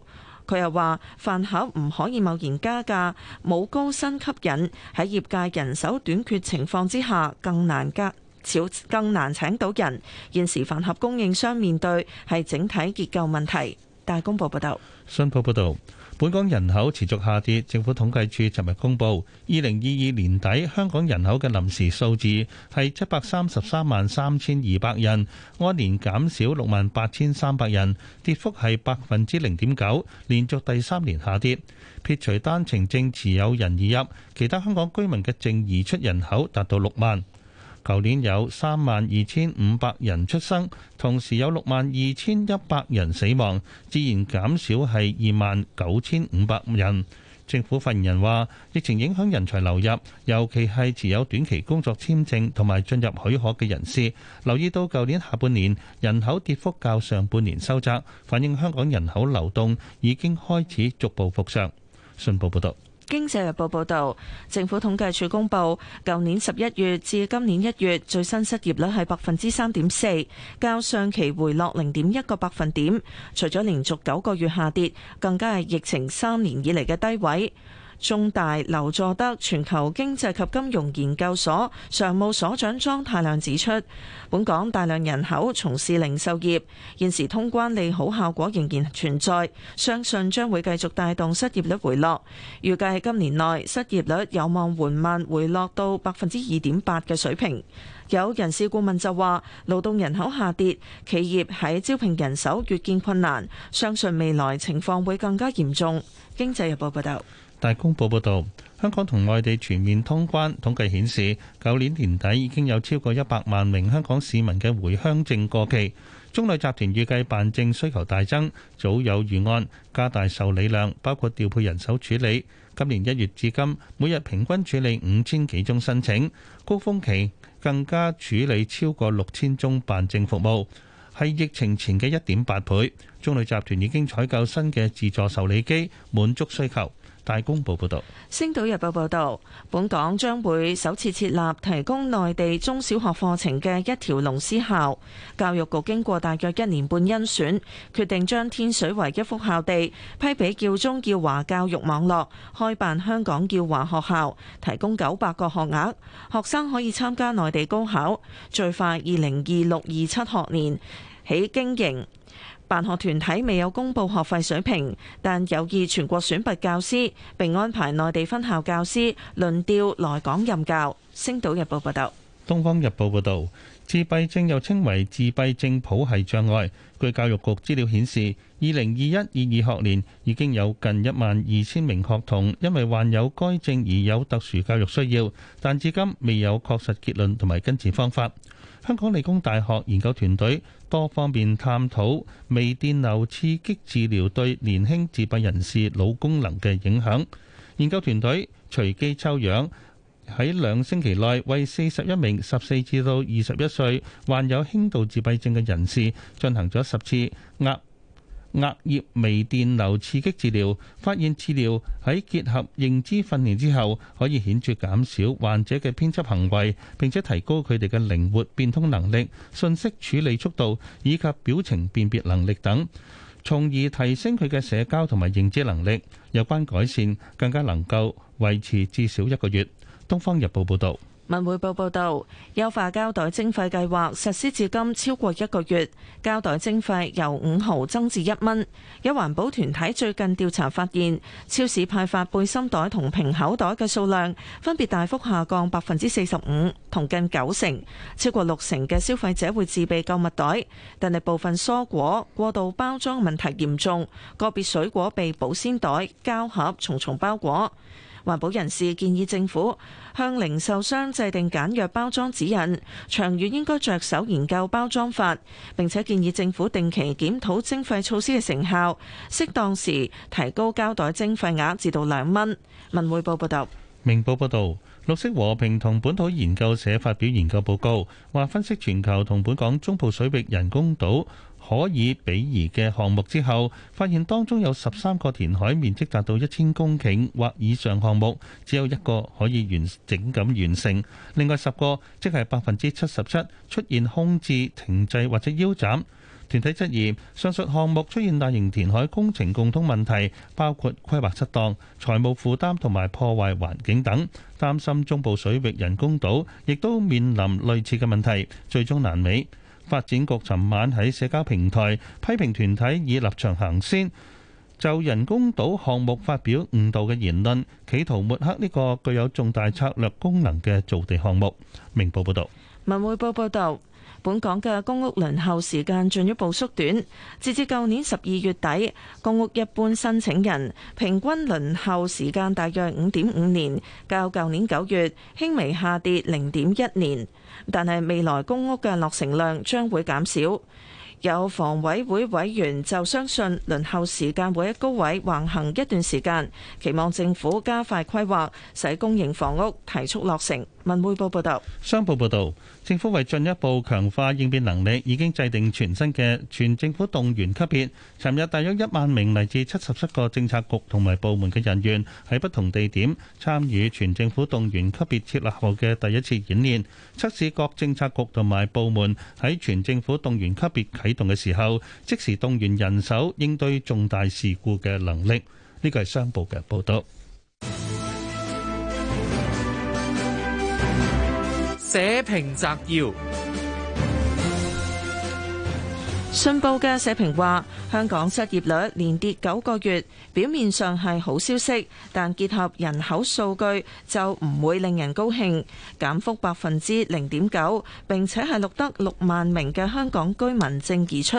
佢又話：飯盒唔可以貿然加價，冇高薪吸引，喺業界人手短缺情況之下，更難加招，更難請到人。現時飯盒供應商面對係整體結構問題。大公報報道。新報報道。本港人口持續下跌，政府統計處尋日公布，二零二二年底香港人口嘅臨時數字係七百三十三萬三千二百人，按年減少六萬八千三百人，跌幅係百分之零點九，連續第三年下跌。撇除單程證持有人移入，其他香港居民嘅淨移出人口達到六萬。舊年有三萬二千五百人出生，同時有六萬二千一百人死亡，自然減少係二萬九千五百五人。政府發言人話：疫情影響人才流入，尤其係持有短期工作簽證同埋進入許可嘅人士。留意到舊年下半年人口跌幅較上半年收窄，反映香港人口流動已經開始逐步復常。信報報道。經濟日報報導，政府統計處公布，舊年十一月至今年一月最新失業率係百分之三點四，較上期回落零點一個百分點，除咗連續九個月下跌，更加係疫情三年以嚟嘅低位。中大劉佐德全球經濟及金融研究所常務所長莊太量指出，本港大量人口從事零售業，現時通關利好效果仍然存在，相信將會繼續帶動失業率回落。預計今年內失業率有望緩慢回落到百分之二點八嘅水平。有人事顧問就話，勞動人口下跌，企業喺招聘人手越見困難，相信未來情況會更加嚴重。經濟日報報道。大公報報導，香港同外地全面通關，統計顯示，舊年年底已經有超過一百萬名香港市民嘅回鄉證過期。中旅集團預計辦證需求大增，早有預案加大受理量，包括調配人手處理。今年一月至今，每日平均處理五千幾宗申請，高峰期更加處理超過六千宗辦證服務，係疫情前嘅一點八倍。中旅集團已經採購新嘅自助受理機，滿足需求。大公報報導，《星島日報》報導，本港將會首次設立提供內地中小學課程嘅一條龍私校。教育局經過大約一年半甄選，決定將天水圍一幅校地批俾叫中叫華教育網絡開辦香港叫華學校，提供九百個學額，學生可以參加內地高考，最快二零二六二七學年起經營。辦學團體未有公布學費水平，但有意全國選拔教師，並安排內地分校教師輪調來港任教。星島日報報道，東方日報報道，自閉症又稱為自閉症譜系障礙。據教育局資料顯示，二零二一二二學年已經有近一萬二千名學童因為患有該症而有特殊教育需要，但至今未有確實結論同埋根治方法。香港理工大學研究團隊多方面探討微電流刺激治療對年輕自閉人士腦功能嘅影響。研究團隊隨機抽樣喺兩星期內為四十一名十四至到二十一歲患有輕度自閉症嘅人士進行咗十次壓。額葉微電流刺激治療，發現治療喺結合認知訓練之後，可以顯著減少患者嘅編輯行為，並且提高佢哋嘅靈活變通能力、信息處理速度以及表情辨別能力等，從而提升佢嘅社交同埋認知能力。有關改善更加能夠維持至少一個月。《東方日報》報導。文匯報報道，優化膠袋徵費計劃實施至今超過一個月，膠袋徵費由五毫增至一蚊。有環保團體最近調查發現，超市派發背心袋同平口袋嘅數量分別大幅下降百分之四十五同近九成，超過六成嘅消費者會自備購物袋，但係部分蔬果過度包裝問題嚴重，個別水果被保鮮袋、膠盒重重包裹。環保人士建議政府向零售商制定簡約包裝指引，長遠應該着手研究包裝法，並且建議政府定期檢討徵費措施嘅成效，適當時提高膠袋徵費額至到兩蚊。文匯報報道，明報報道，綠色和平同本土研究社發表研究報告，話分析全球同本港中部水域人工島，可以比擬嘅項目之後，發現當中有十三個填海面積達到一千公頃或以上項目，只有一個可以完整咁完成，另外十個即係百分之七十七出現空置、停滯或者腰斬。團體質疑上述項目出現大型填海工程共通問題，包括規劃失當、財務負擔同埋破壞環境等，擔心中部水域人工島亦都面臨類似嘅問題，最終爛尾。發展局尋晚喺社交平台批評團體以立場行先，就人工島項目發表誤導嘅言論，企圖抹黑呢個具有重大策略功能嘅造地項目。明報報道，文匯報報道，本港嘅公屋輪候時間進一步縮短，截至舊年十二月底，公屋一般申請人平均輪候時間大約五點五年，較舊年九月輕微下跌零點一年。但係未來公屋嘅落成量將會減少，有房委會委員就相信輪候時間會喺高位橫行一段時間，期望政府加快規劃，使公營房屋提速落成。文匯報報道，商報報道。政府為進一步強化應變能力，已經制定全新嘅全政府動員級別。尋日大約一萬名嚟自七十七個政策局同埋部門嘅人員，喺不同地點參與全政府動員級別設立後嘅第一次演練，測試各政策局同埋部門喺全政府動員級別啟動嘅時候，即時動員人手應對重大事故嘅能力。呢個係商報嘅報道。社評摘要：信報嘅社評話，香港失業率連跌九個月，表面上係好消息，但結合人口數據就唔會令人高興。減幅百分之零點九，並且係錄得六萬名嘅香港居民淨移出。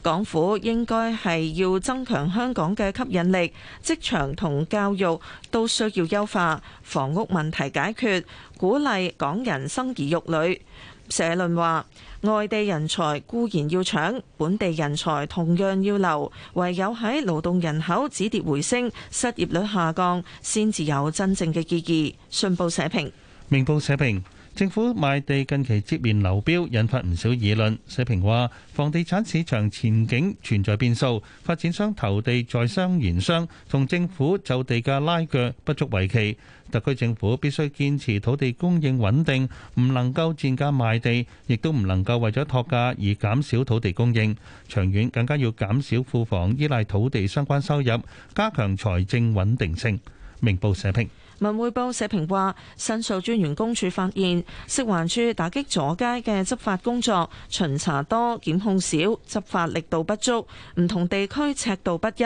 港府應該係要增強香港嘅吸引力，職場同教育都需要優化，房屋問題解決。鼓勵港人生兒育女，社論話：外地人才固然要搶，本地人才同樣要留。唯有喺勞動人口止跌回升、失業率下降，先至有真正嘅意義。信報社評。明報社評。政府賣地近期接連流標，引發唔少議論。社評話：房地產市場前景存在變數，發展商投地在商言商，同政府就地價拉鋸不足為奇。特區政府必須堅持土地供應穩定，唔能夠賤價賣地，亦都唔能夠為咗托價而減少土地供應。長遠更加要減少庫房，依賴土地相關收入，加強財政穩定性。明報社評。文匯報社評話，申訴專員公署發現，食環署打擊阻街嘅執法工作，巡查多檢控少，執法力度不足，唔同地區尺度不一。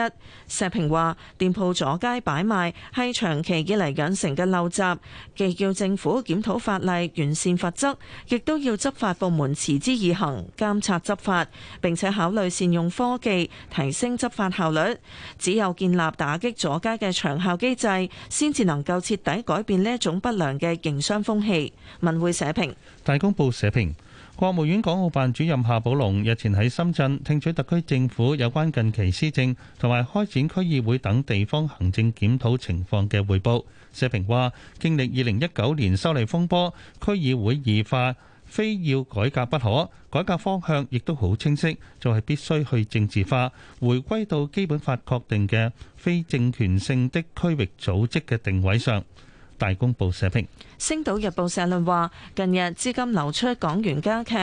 社評話，店鋪阻街擺賣係長期以嚟養成嘅陋習，既要政府檢討法例完善法則，亦都要執法部門持之以恒監察執法，並且考慮善用科技提升執法效率。只有建立打擊阻街嘅長效機制，先至能夠。徹底改變呢一種不良嘅營商風氣。文匯社評，大公報社評，國務院港澳辦主任夏寶龍日前喺深圳聽取特區政府有關近期施政同埋開展區議會等地方行政檢討情況嘅匯報。社評話，經歷二零一九年修例風波，區議會異化。非要改革不可，改革方向亦都好清晰，就係必須去政治化，回歸到基本法確定嘅非政權性的區域組織嘅定位上。大公報社評。星島日報社論話，近日資金流出港元加劇，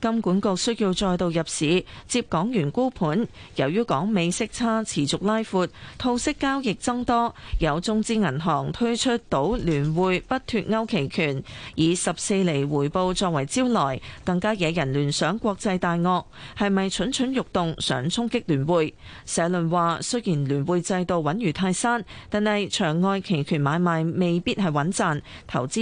金管局需要再度入市接港元沽盤。由於港美息差持續拉闊，套息交易增多，有中資銀行推出賭聯匯不脫歐期權，以十四厘回報作為招來，更加惹人聯想國際大鱷係咪蠢蠢欲動想衝擊聯匯？社論話，雖然聯匯制度穩如泰山，但係場外期權買賣未必係穩賺，投資。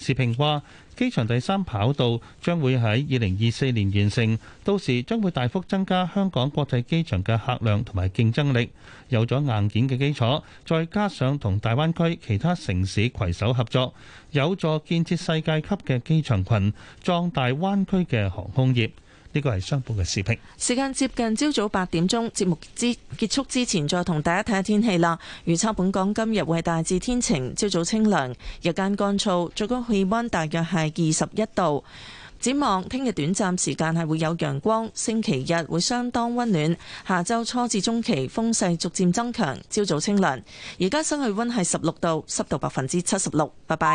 時評話：機場第三跑道將會喺二零二四年完成，到時將會大幅增加香港國際機場嘅客量同埋競爭力。有咗硬件嘅基礎，再加上同大灣區其他城市攜手合作，有助建設世界級嘅機場群，壯大灣區嘅航空業。呢個係相關嘅視頻。時間接近朝早八點鐘，節目之結束之前，再同大家睇下天氣啦。預測本港今日會大致天晴，朝早清涼，日間乾燥，最高氣溫大約係二十一度。展望聽日短暫時間係會有陽光，星期日會相當溫暖。下周初至中期風勢逐漸增強，朝早清涼。而家室外溫係十六度，濕度百分之七十六。拜拜。